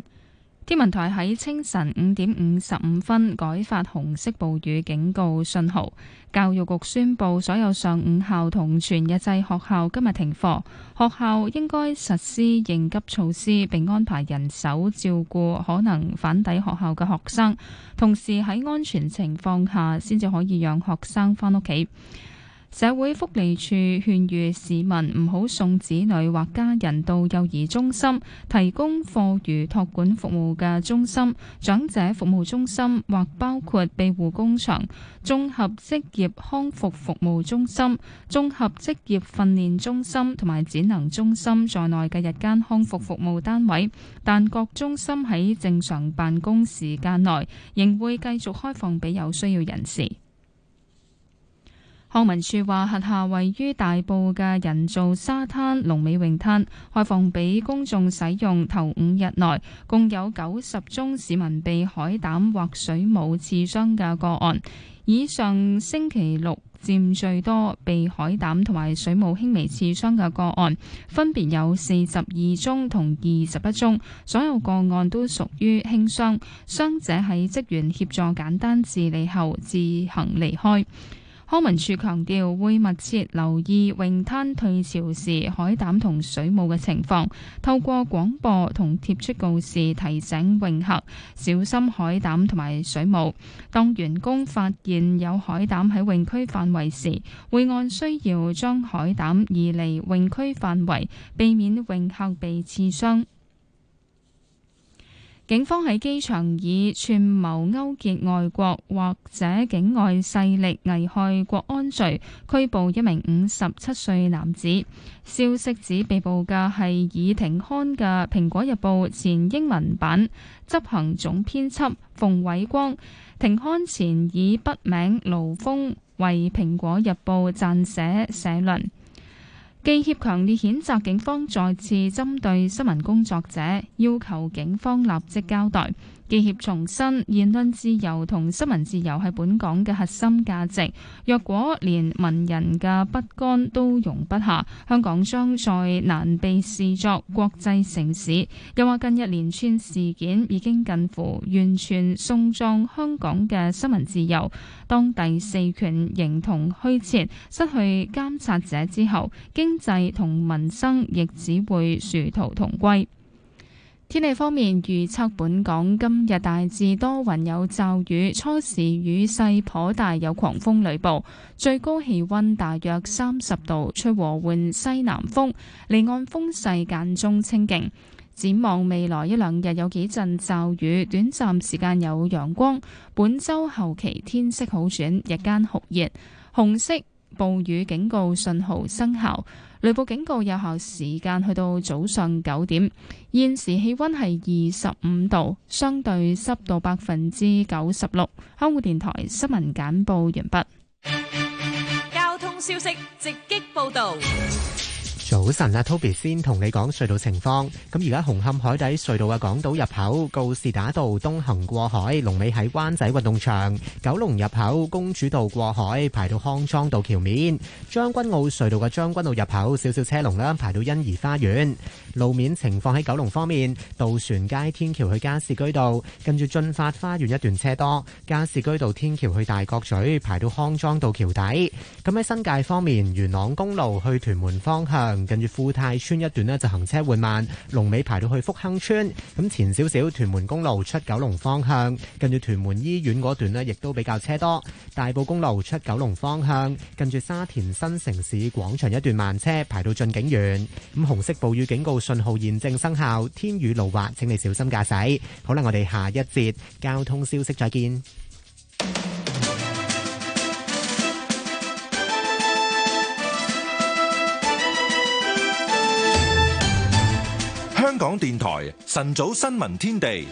天文台喺清晨五點五十五分改發紅色暴雨警告信號。教育局宣布，所有上午校同全日制學校今日停課。學校應該實施應急措施，並安排人手照顧可能返抵學校嘅學生。同時喺安全情況下，先至可以讓學生返屋企。社會福利處勸喻市民唔好送子女或家人到幼兒中心、提供課餘托管服務嘅中心、長者服務中心或包括庇護工場、綜合職業康復服務中心、綜合職業訓練中心同埋展能中心在內嘅日間康復服務單位，但各中心喺正常辦公時間內仍會繼續開放畀有需要人士。康文署話，轄下位於大埔嘅人造沙灘龍尾泳灘開放俾公眾使用。頭五日內共有九十宗市民被海膽或水母刺傷嘅個案，以上星期六佔最多被海膽同埋水母輕微刺傷嘅個案，分別有四十二宗同二十一宗。所有個案都屬於輕傷，傷者喺職員協助簡單治理後自行離開。康文署強調會密切留意泳灘退潮時海膽同水母嘅情況，透過廣播同貼出告示提醒泳客小心海膽同埋水母。當員工發現有海膽喺泳區範圍時，會按需要將海膽移離泳區範圍，避免泳客被刺傷。警方喺機場以串謀勾結外國或者境外勢力危害國安罪拘捕一名五十七歲男子。消息指被捕嘅係已停刊嘅《蘋果日報》前英文版執行總編輯馮偉光。停刊前以筆名盧峯為《蘋果日報》撰寫社論。記協強烈譴責警方再次針對新聞工作者，要求警方立即交代。記協重申，言論自由同新聞自由係本港嘅核心價值。若果連文人嘅不甘都容不下，香港將再難被視作國際城市。又話近日一連串事件已經近乎完全送葬香港嘅新聞自由，當第四權形同虛設，失去監察者之後，經濟同民生亦只會殊途同歸。天氣方面，預測本港今日大致多雲有驟雨，初時雨勢頗大，有狂風雷暴，最高氣溫大約三十度，吹和緩西南風，離岸風勢間中清勁。展望未來一兩日有幾陣驟雨，短暫時間有陽光。本週後期天色好轉，日間酷熱，紅色暴雨警告信號生效。雷暴警告有效時間去到早上九點，現時氣温係二十五度，相對濕度百分之九十六。香港電台新聞簡報完畢。交通消息直擊報道。早晨啊，Toby 先同你講隧道情況。咁而家紅磡海底隧道嘅港島入口告士打道東行過海，龍尾喺灣仔運動場；九龍入口公主道過海，排到康莊道橋面；將軍澳隧道嘅將軍澳入口，少少車龍啦，排到欣怡花園。路面情況喺九龍方面，渡船街天橋去加士居道，跟住駿發花園一段車多；加士居道天橋去大角咀，排到康莊道橋底。咁喺新界方面，元朗公路去屯門方向，跟住富泰村一段呢就行車緩慢，龍尾排到去福亨村。咁前少少屯門公路出九龍方向，跟住屯門醫院嗰段呢亦都比較車多。大埔公路出九龍方向，跟住沙田新城市廣場一段慢車排到駿景園。咁紅色暴雨警告信號現正生效，天雨路滑，請你小心駕駛。好啦，我哋下一節交通消息再見。香港電台晨早新聞天地，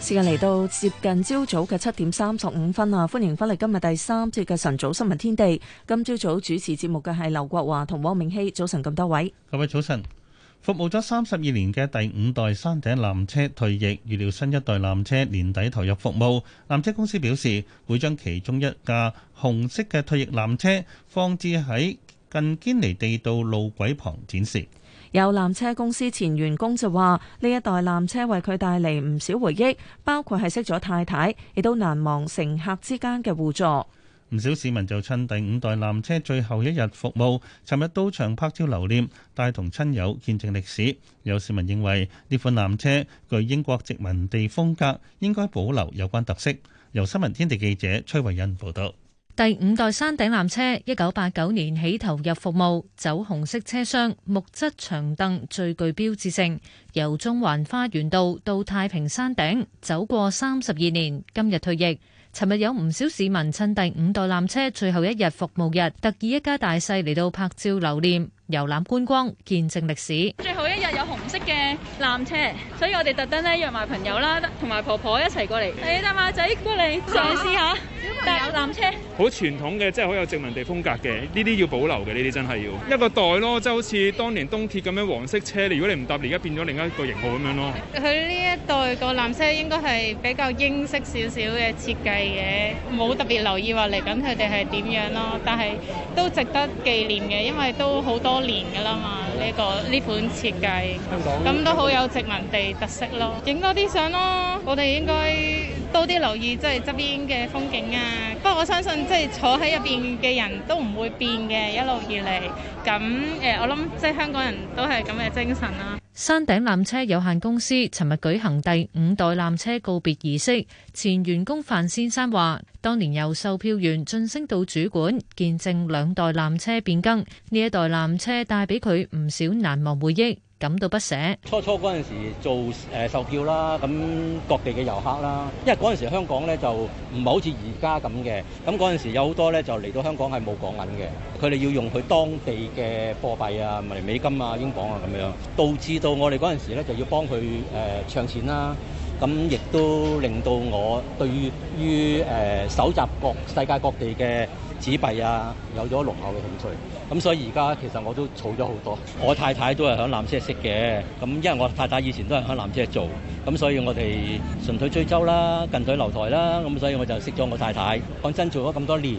時間嚟到接近朝早嘅七點三十五分啦。歡迎翻嚟今日第三節嘅晨早新聞天地。今朝早主持節目嘅係劉國華同汪明熙。早晨，咁多位，各位早晨。服務咗三十二年嘅第五代山頂纜車退役，預料新一代纜車年底投入服務。纜車公司表示會將其中一架紅色嘅退役纜車放置喺近堅尼地道路軌旁展示。有纜車公司前員工就話：呢一代纜車為佢帶嚟唔少回憶，包括係識咗太太，亦都難忘乘客之間嘅互助。唔少市民就趁第五代纜車最後一日服務，尋日到場拍照留念，帶同親友見證歷史。有市民認為呢款纜車具英國殖民地風格，應該保留有關特色。由新聞天地記者崔慧欣報道。第五代山頂纜車一九八九年起投入服務，走紅色車廂木質長凳最具標誌性，由中環花園道到太平山頂走過三十二年，今日退役。昨日有唔少市民趁第五代纜車最後一日服務日，特意一家大細嚟到拍照留念。遊覽觀光，見證歷史。最後一日有紅色嘅纜車，所以我哋特登咧約埋朋友啦，同埋婆婆一齊過嚟。嚟得馬仔過嚟嘗試下，小朋友纜車。好傳統嘅，即係好有殖民地風格嘅，呢啲要保留嘅，呢啲真係要一個袋咯，即係好似當年東鐵咁樣黃色車。如果你唔搭，而家變咗另一個型號咁樣咯。佢呢一代個纜車應該係比較英式少少嘅設計嘅，冇特別留意話嚟緊佢哋係點樣咯。但係都值得紀念嘅，因為都好多，多年㗎啦嘛，呢、這個呢款設計，香港，咁都好有殖民地特色咯。影多啲相咯，我哋應該多啲留意即係側邊嘅風景啊。不過我相信即係坐喺入邊嘅人都唔會變嘅，一路以嚟。咁誒、呃，我諗即係香港人都係咁嘅精神啦、啊。山頂纜車有限公司尋日舉行第五代纜車告別儀式，前員工范先生話，當年由售票員晉升到主管，見證兩代纜車變更，呢一代纜車帶俾佢唔少難忘回憶。感到不捨。初初嗰陣時做誒、呃、售票啦，咁各地嘅遊客啦，因為嗰陣時香港咧就唔係好似而家咁嘅，咁嗰陣時有好多咧就嚟到香港係冇港銀嘅，佢哋要用佢當地嘅貨幣啊，咪美金啊、英鎊啊咁樣，導致到我哋嗰陣時咧就要幫佢誒、呃、唱錢啦、啊，咁亦都令到我對於誒蒐、呃、集世各世界各地嘅紙幣啊，有咗濃厚嘅興趣，咁所以而家其實我都儲咗好多。我太太都係響纜車識嘅，咁因為我太太以前都係響纜車做，咁所以我哋順水推舟啦，近水樓台啦，咁所以我就識咗我太太。講真，做咗咁多年，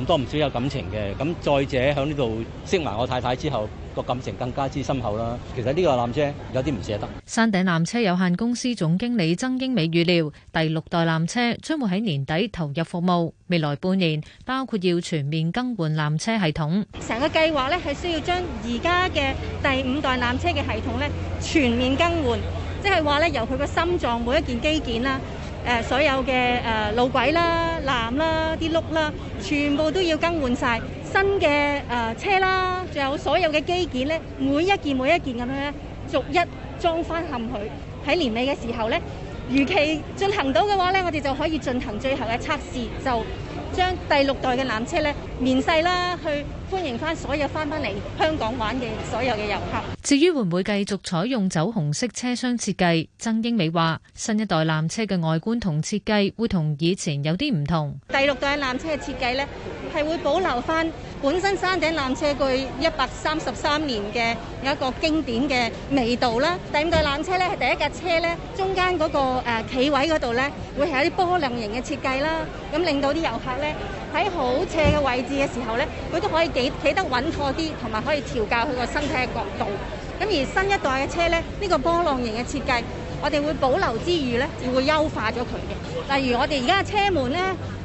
唔多唔少有感情嘅。咁再者，響呢度識埋我太太之後，個感情更加之深厚啦。其實呢個纜車有啲唔捨得。山頂纜車有限公司總經理曾英美預料，第六代纜車將會喺年底投入服務。未來半年，包括要全面更換纜車系統。成個計劃咧，係需要將而家嘅第五代纜車嘅系統咧全面更換，即係話咧由佢個心臟每一件機件啦。誒所有嘅誒路軌啦、纜啦、啲轆啦，全部都要更換晒新嘅誒車啦，仲有所有嘅機件咧，每一件每一件咁樣咧，逐一裝翻冚佢。喺年尾嘅時候咧，如期進行到嘅話咧，我哋就可以進行最後嘅測試，就將第六代嘅纜車咧，面世啦去。歡迎翻所有翻返嚟香港玩嘅所有嘅遊客。至於會唔會繼續採用酒紅色車廂設計？曾英美話：新一代纜車嘅外觀同設計會同以前有啲唔同。第六代纜車嘅設計呢，係會保留返本身山頂纜車具一百三十三年嘅有一個經典嘅味道啦。第五代纜車呢，係第一架車呢，中間嗰個誒企位嗰度呢，會係一啲波浪型嘅設計啦，咁令到啲遊客呢。喺好斜嘅位置嘅時候呢，佢都可以企企得穩妥啲，同埋可以調教佢個身體嘅角度。咁而新一代嘅車呢，呢個波浪形嘅設計，我哋會保留之餘呢，亦會優化咗佢嘅。例如我哋而家嘅車門呢，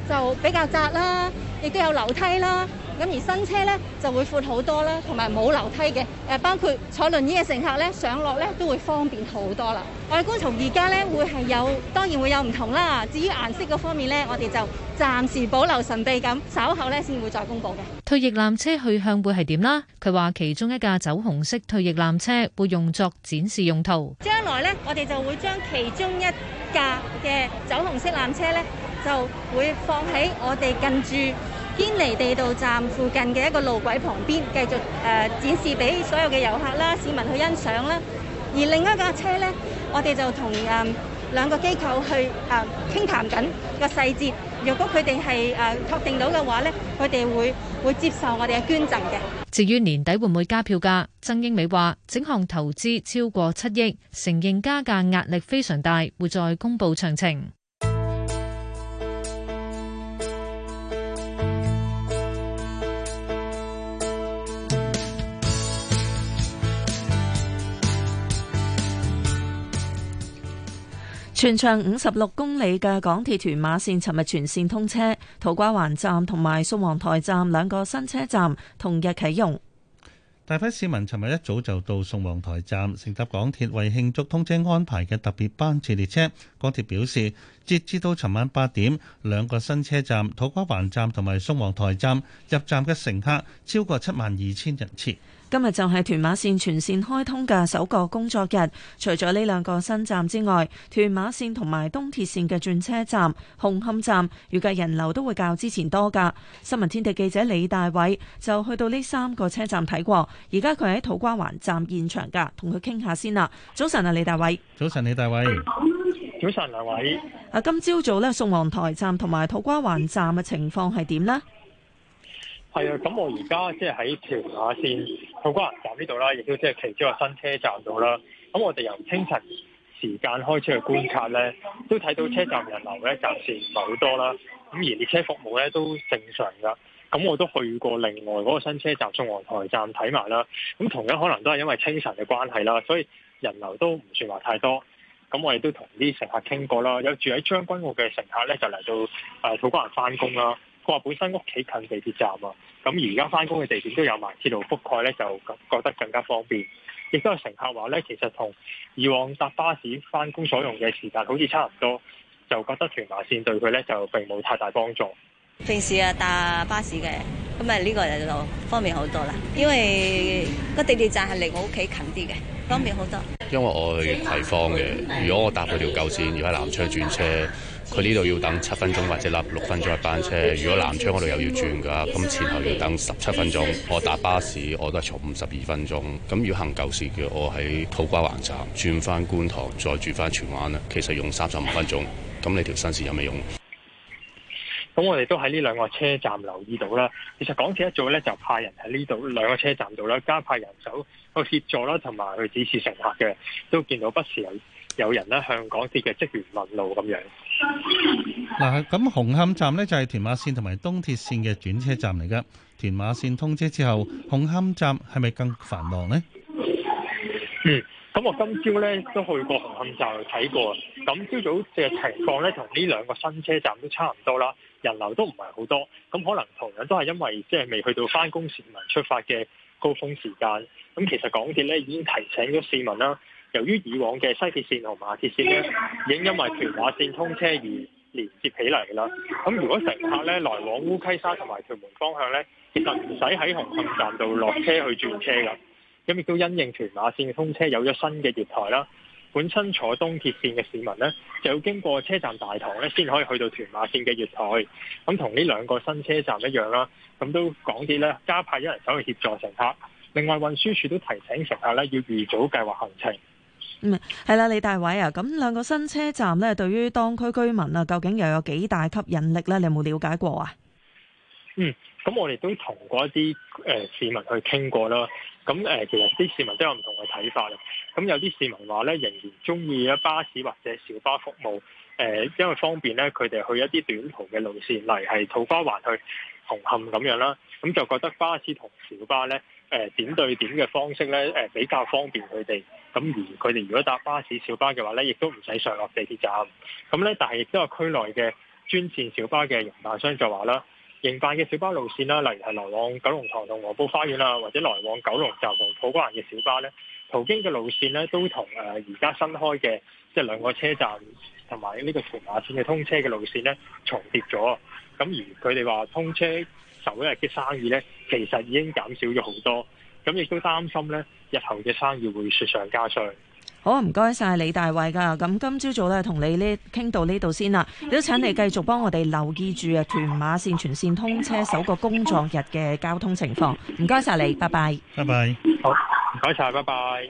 就比較窄啦，亦都有樓梯啦。咁而新車咧就會闊好多啦，同埋冇樓梯嘅誒，包括坐輪椅嘅乘客咧上落咧都會方便好多啦。外觀從而家咧會係有，當然會有唔同啦。至於顏色嘅方面咧，我哋就暫時保留神秘感，稍後咧先會再公佈嘅。退役纜車去向會係點啦？佢話其中一架酒紅色退役纜車會用作展示用途。將來咧，我哋就會將其中一架嘅酒紅色纜車咧就會放喺我哋近住，堅尼地道站附近嘅一個路軌旁邊，繼續誒展示俾所有嘅遊客啦、市民去欣賞啦。而另一架車咧，我哋就同誒兩個機構去誒傾談緊個細節。若果佢哋係誒確定到嘅話咧，佢哋會會接受我哋嘅捐贈嘅。至於年底會唔會加票價，曾英美話整項投資超過七億，承認加價壓力非常大，會再公布詳情。全長五十六公里嘅港鐵屯馬綫，尋日全綫通車，土瓜灣站同埋宋王台站兩個新車站同日啟用。大批市民尋日一早就到宋王台站，乘搭港鐵為慶祝通車安排嘅特別班次列車。港鐵表示，截至到尋晚八點，兩個新車站土瓜灣站同埋宋王台站入站嘅乘客超過七萬二千人次。今日就係屯馬線全線開通嘅首個工作日，除咗呢兩個新站之外，屯馬線同埋東鐵線嘅轉車站紅磡站，預計人流都會較之前多噶。新聞天地記者李大偉就去到呢三個車站睇過，而家佢喺土瓜灣站現場㗎，同佢傾下先啦。早晨啊，李大偉。早晨，李大偉。早晨，兩位。啊，今朝早呢，宋皇臺站同埋土瓜灣站嘅情況係點呢？係啊，咁我而家即係喺屯馬線土瓜灣站呢度啦，亦都即係其中個新車站度啦。咁我哋由清晨時間開始去觀察咧，都睇到車站人流咧暫時唔係好多啦。咁而列車服務咧都正常㗎。咁我都去過另外嗰個新車站宋皇臺站睇埋啦。咁同樣可能都係因為清晨嘅關係啦，所以人流都唔算話太多。咁我哋都同啲乘客傾過啦，有住喺將軍澳嘅乘客咧就嚟到誒土瓜灣返工啦。話本身屋企近地鐵站啊，咁而家翻工嘅地點都有埋鐵路覆蓋咧，就覺得更加方便。亦都有乘客話咧，其實同以往搭巴士翻工所用嘅時間好似差唔多，就覺得屯馬線對佢咧就並冇太大幫助。平時啊搭巴士嘅，咁啊呢個就方便好多啦，因為個地鐵站係離我屋企近啲嘅，方便好多。因為我去葵芳嘅，嗎如果我搭佢條舊線，嗎要喺南昌轉車。佢呢度要等七分鐘，或者立六分鐘嘅班車。如果南昌嗰度又要轉噶，咁前後要等十七分鐘。我搭巴士我都係坐五十二分鐘。咁要行舊時嘅，我喺土瓜灣站轉翻觀塘，再轉翻荃灣咧，其實用三十五分鐘。咁你條新線有咩用？咁我哋都喺呢兩個車站留意到啦。其實港鐵一早咧就派人喺呢度兩個車站度啦，加派人手去協助啦，同埋去指示乘客嘅，都見到不時有有人咧向港鐵嘅職員問路咁樣。嗱，咁紅磡站咧就係屯馬線同埋東鐵線嘅轉車站嚟㗎。屯馬線通車之後，紅磡站係咪更繁忙呢？嗯，咁我今朝咧都去過紅磡站去睇過。咁朝早嘅情況咧，同呢兩個新車站都差唔多啦，人流都唔係好多。咁可能同樣都係因為即係未去到翻工市民出發嘅高峰時間。咁其實港鐵咧已經提醒咗市民啦。由於以往嘅西鐵線同馬鐵線呢，已經因為屯馬線通車而連接起嚟啦。咁、嗯、如果乘客咧來往烏溪沙同埋屯門方向咧，其實唔使喺紅磡站度落車去轉車噶。咁、嗯、亦都因應屯馬線通車，有咗新嘅月台啦。本身坐東鐵線嘅市民呢，就要經過車站大堂咧，先可以去到屯馬線嘅月台。咁同呢兩個新車站一樣啦，咁、嗯、都講啲咧，加派一人手去協助乘客。另外運輸署都提醒乘客咧，要預早計劃行程。嗯，係啦，李大偉啊，咁兩個新車站咧，對於當區居民啊，究竟又有幾大吸引力咧？你有冇了解過啊？嗯，咁我哋都同過一啲誒市民去傾過啦。咁、呃、誒，其實啲市民都有唔同嘅睇法嘅。咁有啲市民話咧、呃，仍然中意咧巴士或者小巴服務，誒、呃，因為方便咧，佢哋去一啲短途嘅路線，例如係土瓜灣去紅磡咁樣啦。咁、呃、就覺得巴士同小巴咧。誒、呃、點對點嘅方式咧，誒、呃、比較方便佢哋。咁而佢哋如果搭巴士小巴嘅話咧，亦都唔使上落地鐵站。咁、嗯、咧，但係亦都有區內嘅專線小巴嘅營辦商就話啦，營辦嘅小巴路線啦，例如係來往九龍塘同黃埔花園啊，或者來往九龍站同普吉蘭嘅小巴咧，途經嘅路線咧都同誒而家新開嘅即係兩個車站同埋呢個屯馬線嘅通車嘅路線咧重疊咗。咁而佢哋話通車首一日嘅生意咧，其實已經減少咗好多，咁亦都擔心咧，日後嘅生意會雪上加霜。好啊，唔該晒李大衛噶，咁今朝早咧同你呢傾到呢度先啦，亦都請你繼續幫我哋留意住啊，屯馬線全線通車首個工作日嘅交通情況。唔該晒你，拜拜。拜拜，好，唔該晒，拜拜。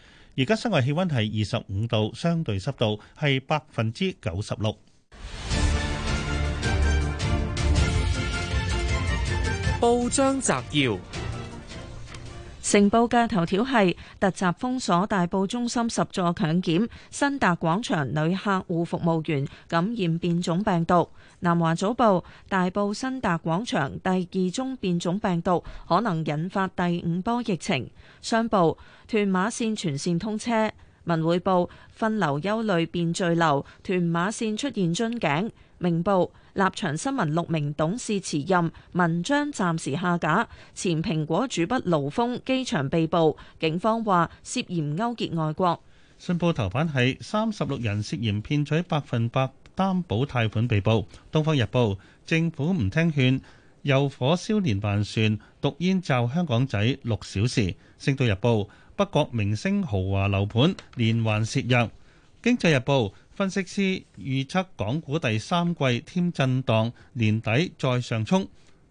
而家室外氣溫係二十五度，相對濕度係百分之九十六。報章摘要。成報嘅頭條係突襲，封鎖大埔中心十座強檢，新達廣場女客戶服務員感染變種病毒。南華早報，大埔新達廣場第二宗變種病毒，可能引發第五波疫情。商報，屯馬線全線通車。文匯報，分流憂慮變聚流，屯馬線出現樽頸。明報，立場新聞六名董事辭任，文章暫時下架。前蘋果主筆盧峯機場被捕，警方話涉嫌勾結外國。信報頭版係三十六人涉嫌騙取百分百擔保貸款被捕。東方日報，政府唔聽勸，又火燒連環船，毒煙罩香港仔六小時。星島日報，北角明星豪華樓盤連環涉入。經濟日報分析師預測港股第三季添震盪，年底再上衝。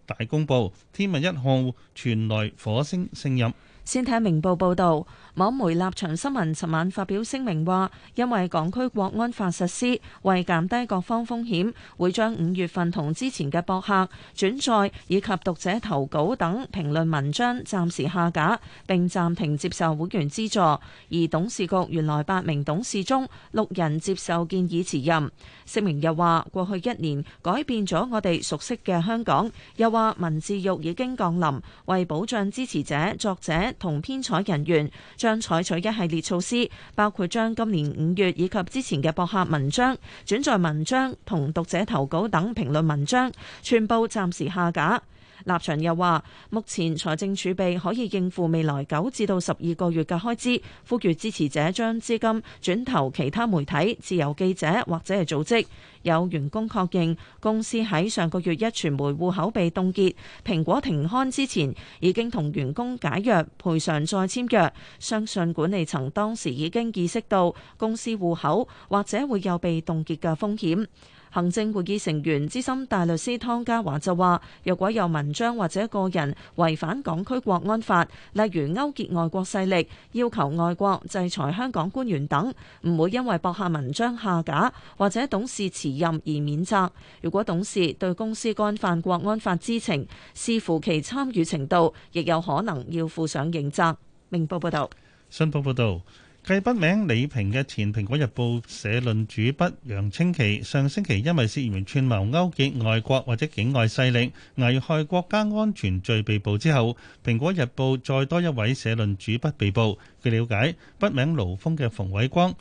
大公報，天文一號傳來火星聲音。先睇明報報導。網媒立場新聞尋晚發表聲明話，因為港區國安法實施，為減低各方風險，會將五月份同之前嘅博客、轉載以及讀者投稿等評論文章暫時下架，並暫停接受會員資助。而董事局原來八名董事中，六人接受建議辭任。聲明又話，過去一年改變咗我哋熟悉嘅香港。又話文字獄已經降臨，為保障支持者、作者同編採人員。將採取一系列措施，包括將今年五月以及之前嘅博客文章、轉載文章同讀者投稿等評論文章，全部暫時下架。立場又話，目前財政儲備可以應付未來九至到十二個月嘅開支。呼籲支持者將資金轉投其他媒體、自由記者或者係組織。有員工確認，公司喺上個月一傳媒戶口被凍結。蘋果停刊之前已經同員工解約、賠償再簽約。相信管理層當時已經意識到公司戶口或者會有被凍結嘅風險。行政會議成員資深大律師湯家華就話，若果有文章或者個人違反港區國安法，例如勾結外國勢力、要求外國制裁香港官員等，唔會因為博客文章下架或者董事辭任而免責。如果董事對公司干犯國安法知情，視乎其參與程度，亦有可能要負上刑責。明報報道。新報報導。繼筆名李平嘅前《蘋果日報》社論主筆楊清奇，上星期因為涉嫌串謀勾結外國或者境外勢力危害國家安全罪被捕之後，《蘋果日報》再多一位社論主筆被捕。據了解，筆名盧峰嘅馮偉光，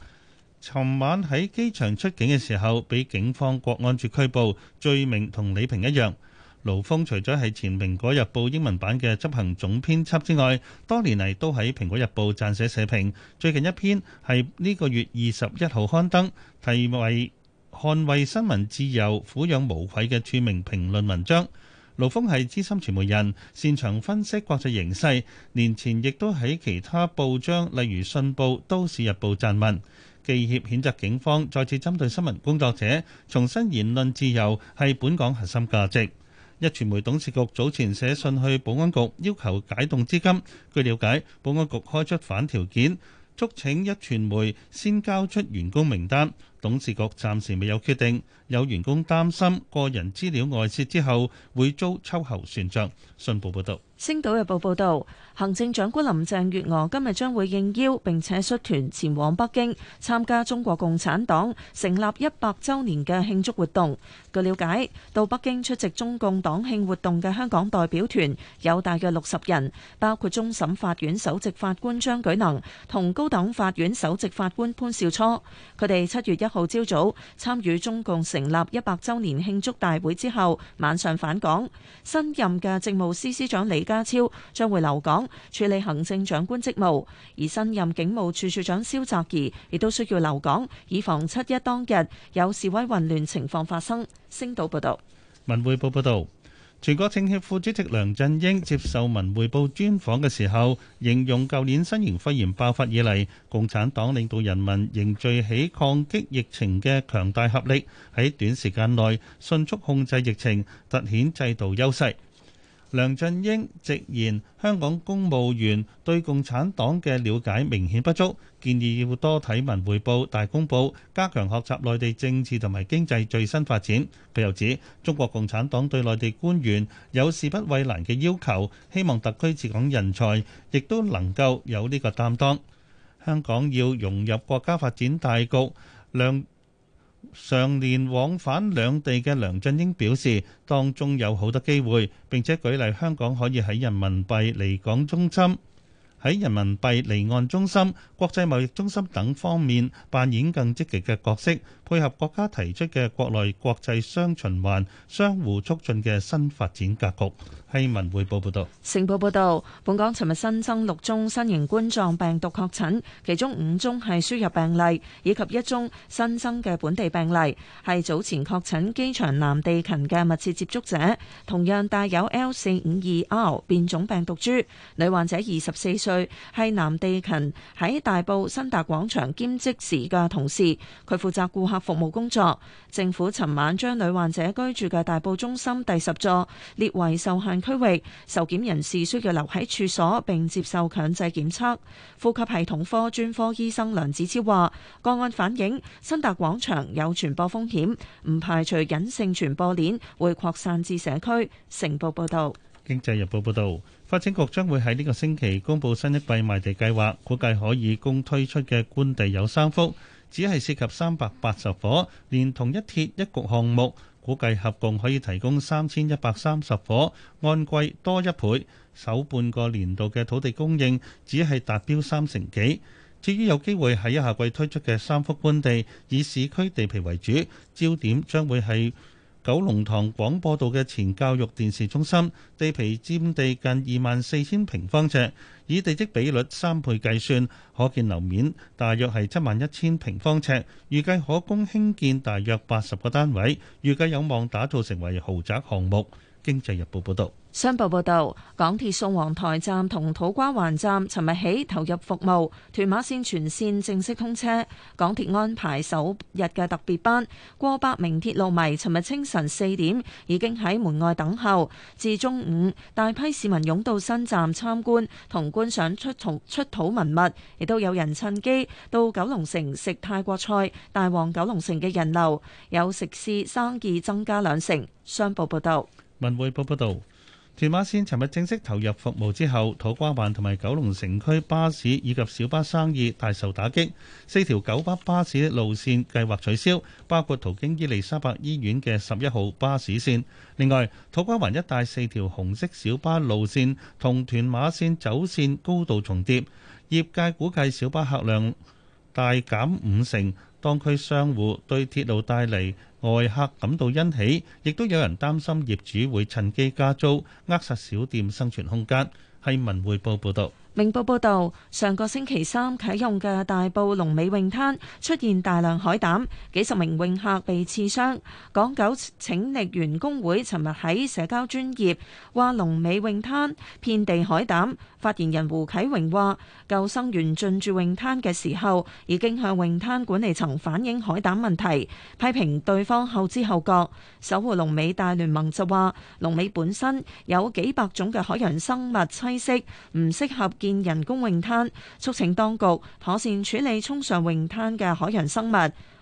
尋晚喺機場出境嘅時候，俾警方國安處拘捕，罪名同李平一樣。盧峰除咗係前《蘋果日報》英文版嘅執行總編輯之外，多年嚟都喺《蘋果日報》撰寫社評。最近一篇係呢個月二十一號刊登，題為《捍衛新聞自由，俯仰無愧》嘅著名評論文章。盧峰係資深傳媒人，擅長分析國際形勢。年前亦都喺其他報章，例如《信報》、《都市日報》撰文，記協譴責警方再次針對新聞工作者，重申言論自由係本港核心價值。壹傳媒董事局早前寫信去保安局，要求解凍資金。據了解，保安局開出反條件，促請壹傳媒先交出員工名單。董事局暫時未有決定，有員工擔心個人資料外泄之後會遭秋後算賬。信報報道。星島日報報道，行政長官林鄭月娥今日將會應邀並且率團前往北京參加中國共產黨成立一百週年嘅慶祝活動。據瞭解，到北京出席中共黨慶活動嘅香港代表團有大約六十人，包括終審法院首席法官張舉能同高等法院首席法官潘少初。佢哋七月一號朝早，參與中共成立一百周年慶祝大會之後，晚上返港。新任嘅政務司司長李家超將會留港處理行政長官職務，而新任警務處處長蕭澤頤亦都需要留港，以防七一當日有示威混亂情況發生。星島報道，文匯報報道。全國政協副主席梁振英接受文匯報專訪嘅時候，形容舊年新型肺炎爆發以嚟，共產黨領導人民凝聚起抗擊疫情嘅強大合力，喺短時間內迅速控制疫情，凸顯制度優勢。梁振英直言，香港公務員對共產黨嘅瞭解明顯不足，建議要多睇文匯報、大公報，加強學習內地政治同埋經濟最新發展。佢又指，中國共產黨對內地官員有事不畏難嘅要求，希望特區治港人才亦都能夠有呢個擔當。香港要融入國家發展大局，兩。常年往返兩地嘅梁振英表示，當中有好多機會，並且舉例香港可以喺人民幣離港中心、喺人民幣離岸中心、國際貿易中心等方面扮演更積極嘅角色。配合國家提出嘅國內國際雙循環相互促進嘅新發展格局，係文匯報報導。成報報導，本港尋日新增六宗新型冠狀病毒確診，其中五宗係輸入病例，以及一宗新增嘅本地病例，係早前確診機場男地勤嘅密切接觸者，同樣帶有 L 四五二 R 變種病毒株。女患者二十四歲，係男地勤喺大埔新達廣場兼職時嘅同事，佢負責顧客服務工作，政府尋晚將女患者居住嘅大埔中心第十座列為受限區域，受檢人士需要留喺處所並接受強制檢測。呼吸系統科專科醫生梁子超話：個案反映新達廣場有傳播風險，唔排除隱性傳播鏈會擴散至社區。成報報道，經濟日報報道，發展局將會喺呢個星期公布新一季賣地計劃，估計可以供推出嘅官地有三幅。只係涉及三百八十伙，連同一鐵一局項目，估計合共可以提供三千一百三十伙。按季多一倍。首半個年度嘅土地供應只係達標三成幾。至於有機會喺一下季推出嘅三幅官地，以市區地皮為主，焦點將會係，九龍塘廣播道嘅前教育電視中心地皮佔地近二萬四千平方尺，以地積比率三倍計算，可建樓面大約係七萬一千平方尺，預計可供興建大約八十個單位，預計有望打造成為豪宅項目。經濟日報報道。商報報道，港鐵宋皇台站同土瓜灣站，尋日起投入服務，屯馬線全線正式通車。港鐵安排首日嘅特別班，過百名鐵路迷尋日清晨四點已經喺門外等候，至中午大批市民湧到新站參觀同觀賞出同出土文物，亦都有人趁機到九龍城食泰國菜。大旺九龍城嘅人流，有食肆生意增加兩成。商報報道，文匯報報道。屯馬線尋日正式投入服務之後，土瓜灣同埋九龍城區巴士以及小巴生意大受打擊。四條九巴巴士嘅路線計劃取消，包括途經伊利沙伯醫院嘅十一號巴士線。另外，土瓜灣一帶四條紅色小巴路線同屯馬線走線高度重疊，業界估計小巴客量大減五成。當區商戶對鐵路帶嚟外客感到欣喜，亦都有人擔心業主會趁機加租，扼殺小店生存空間，係文匯報報道。明報報導，上個星期三啟用嘅大埔龍尾泳灘出現大量海膽，幾十名泳客被刺傷。港九拯溺員工會尋日喺社交專頁話龍尾泳灘遍地海膽。發言人胡啟榮話：救生員進駐泳灘嘅時候已經向泳灘管理層反映海膽問題，批評對方後知後覺。守護龍尾大聯盟就話：龍尾本身有幾百種嘅海洋生物棲息，唔適合。建人工泳灘，促請當局妥善處理沖上泳灘嘅海洋生物。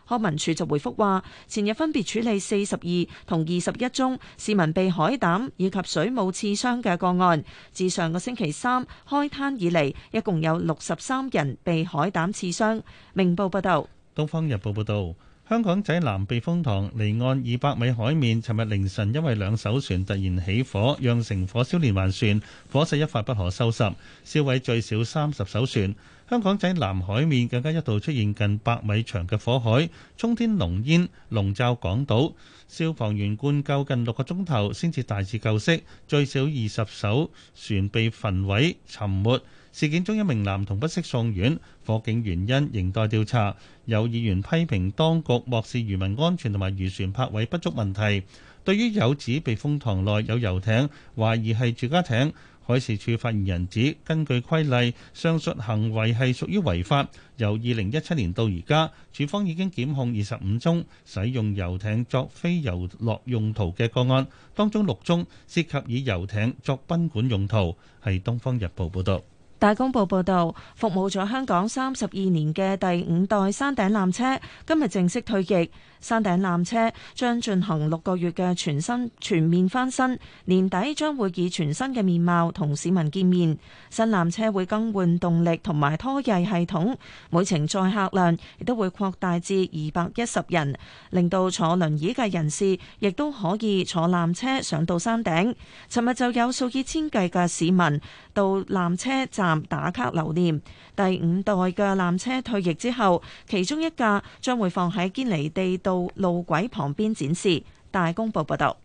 康文署就回覆話，前日分別處理四十二同二十一宗市民被海膽以及水母刺傷嘅個案。自上個星期三開灘以嚟，一共有六十三人被海膽刺傷。明報報道，東方日報報道。香港仔南避風塘離岸二百米海面，尋日凌晨因為兩艘船突然起火，釀成火燒連環船，火勢一發不可收拾，燒毀最少三十艘船。香港仔南海面更加一度出現近百米長嘅火海，沖天濃煙籠罩港島，消防員灌救近六個鐘頭先至大致救熄，最少二十艘船被焚毀沉沒。事件中一名男童不惜送院，火警原因仍待調查。有議員批評當局漠視漁民安全同埋漁船泊位不足問題，對於有指避風塘內有遊艇，懷疑係住家艇，海事處發言人指，根據規例，上述行為係屬於違法。由二零一七年到而家，處方已經檢控二十五宗使用遊艇作非遊樂用途嘅個案，當中六宗涉及以遊艇作賓館用途。係東方日報報道。大公報報導，服務咗香港三十二年嘅第五代山頂纜車，今日正式退役。山頂纜車將進行六個月嘅全新全面翻新，年底將會以全新嘅面貌同市民見面。新纜車會更換動力同埋拖曳系統，每程載客量亦都會擴大至二百一十人，令到坐輪椅嘅人士亦都可以坐纜車上到山頂。尋日就有數以千計嘅市民到纜車站打卡留念。第五代嘅纜車退役之後，其中一架將會放喺堅尼地道路軌旁邊展示。大公報報道。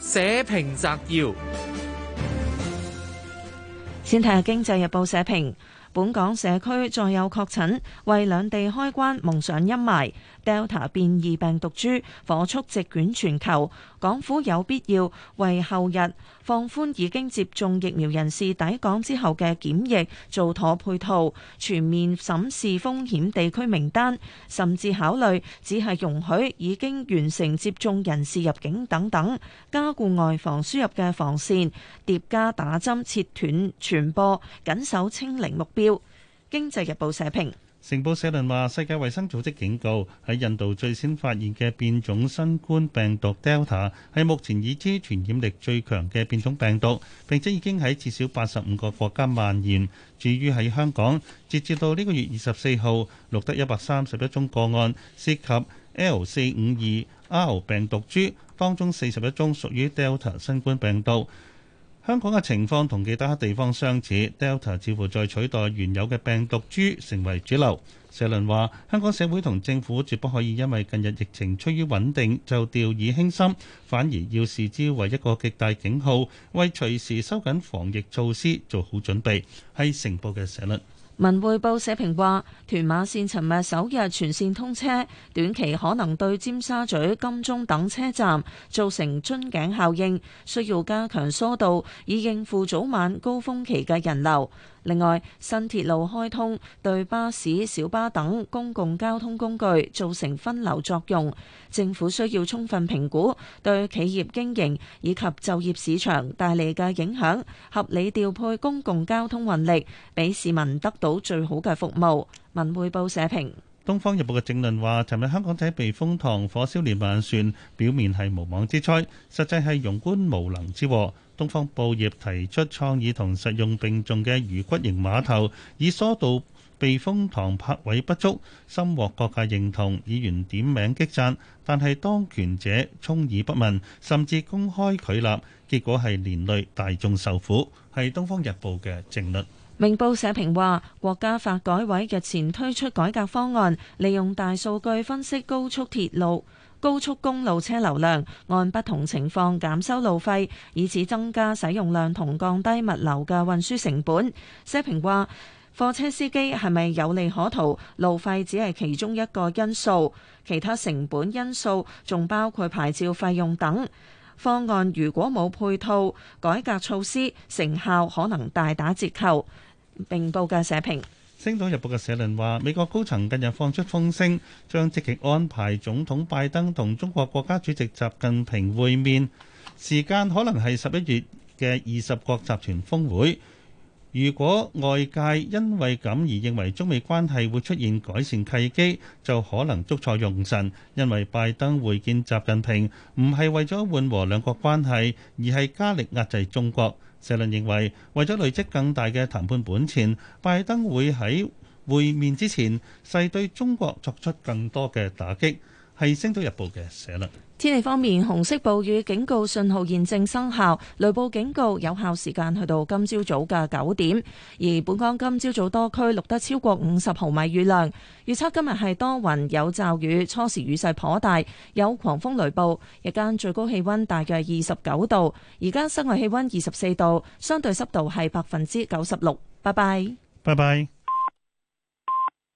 社「社評摘要：先睇下《經濟日報》社評，本港社區再有確診，為兩地開關蒙上陰霾。Delta 變異病毒株火速席捲全球，港府有必要為後日放寬已經接種疫苗人士抵港之後嘅檢疫做妥配套，全面審視風險地區名單，甚至考慮只係容許已經完成接種人士入境等等，加固外防輸入嘅防線，疊加打針，切斷傳播，緊守清零目標。經濟日報社評。成報社論話：世界衛生組織警告，喺印度最先發現嘅變種新冠病毒 Delta 係目前已知傳染力最強嘅變種病毒，並且已經喺至少八十五個國家蔓延。至於喺香港，截至到呢個月二十四號，錄得一百三十一宗個案，涉及 L 四五二 R 病毒株，當中四十一宗屬於 Delta 新冠病毒。香港嘅情況同其他地方相似，Delta 似乎在取代原有嘅病毒株成為主流。社論話：香港社會同政府絕不可以因為近日疫情趨於穩定就掉以輕心，反而要視之為一個極大警號，為隨時收緊防疫措施做好準備。係成報嘅社論。文匯報社評話：屯馬線尋日首日全線通車，短期可能對尖沙咀、金鐘等車站造成樽頸效應，需要加強疏導，以應付早晚高峰期嘅人流。另外，新鐵路開通對巴士、小巴等公共交通工具造成分流作用，政府需要充分評估對企業經營以及就業市場帶嚟嘅影響，合理調配公共交通運力，俾市民得到最好嘅服務。文匯報社評：《東方日報》嘅政論話，尋日香港仔避風塘火燒連環船，表面係無妄之災，實際係庸官無能之禍。東方報業提出創意同實用並重嘅魚骨型碼頭，以疏導避風塘泊位不足，深獲各界認同，議員點名激讚。但係當權者充耳不聞，甚至公開拒立，結果係連累大眾受苦。係《東方日報》嘅政論。明報社評話，國家發改委日前推出改革方案，利用大數據分析高速鐵路。高速公路車流量按不同情況減收路費，以此增加使用量同降低物流嘅運輸成本。社評話：貨車司機係咪有利可圖？路費只係其中一個因素，其他成本因素仲包括牌照費用等。方案如果冇配套改革措施，成效可能大打折扣。並報嘅社評。《星島日報》嘅社論話，美國高層近日放出風聲，將積極安排總統拜登同中國國家主席習近平會面，時間可能係十一月嘅二十國集團峰會。如果外界因為咁而認為中美關係會出現改善契機，就可能捉錯用神，因為拜登會見習近平唔係為咗緩和兩國關係，而係加力壓制中國。社論認為，為咗累積更大嘅談判本錢，拜登會喺會面之前，誓對中國作出更多嘅打擊。係《星島日報》嘅社論。天氣方面，紅色暴雨警告信號現正生效，雷暴警告有效時間去到今朝早嘅九點。而本港今朝早多區錄得超過五十毫米雨量。預測今日係多雲有驟雨，初時雨勢頗大，有狂風雷暴。日間最高氣溫大約二十九度，而家室外氣溫二十四度，相對濕度係百分之九十六。拜拜，拜拜。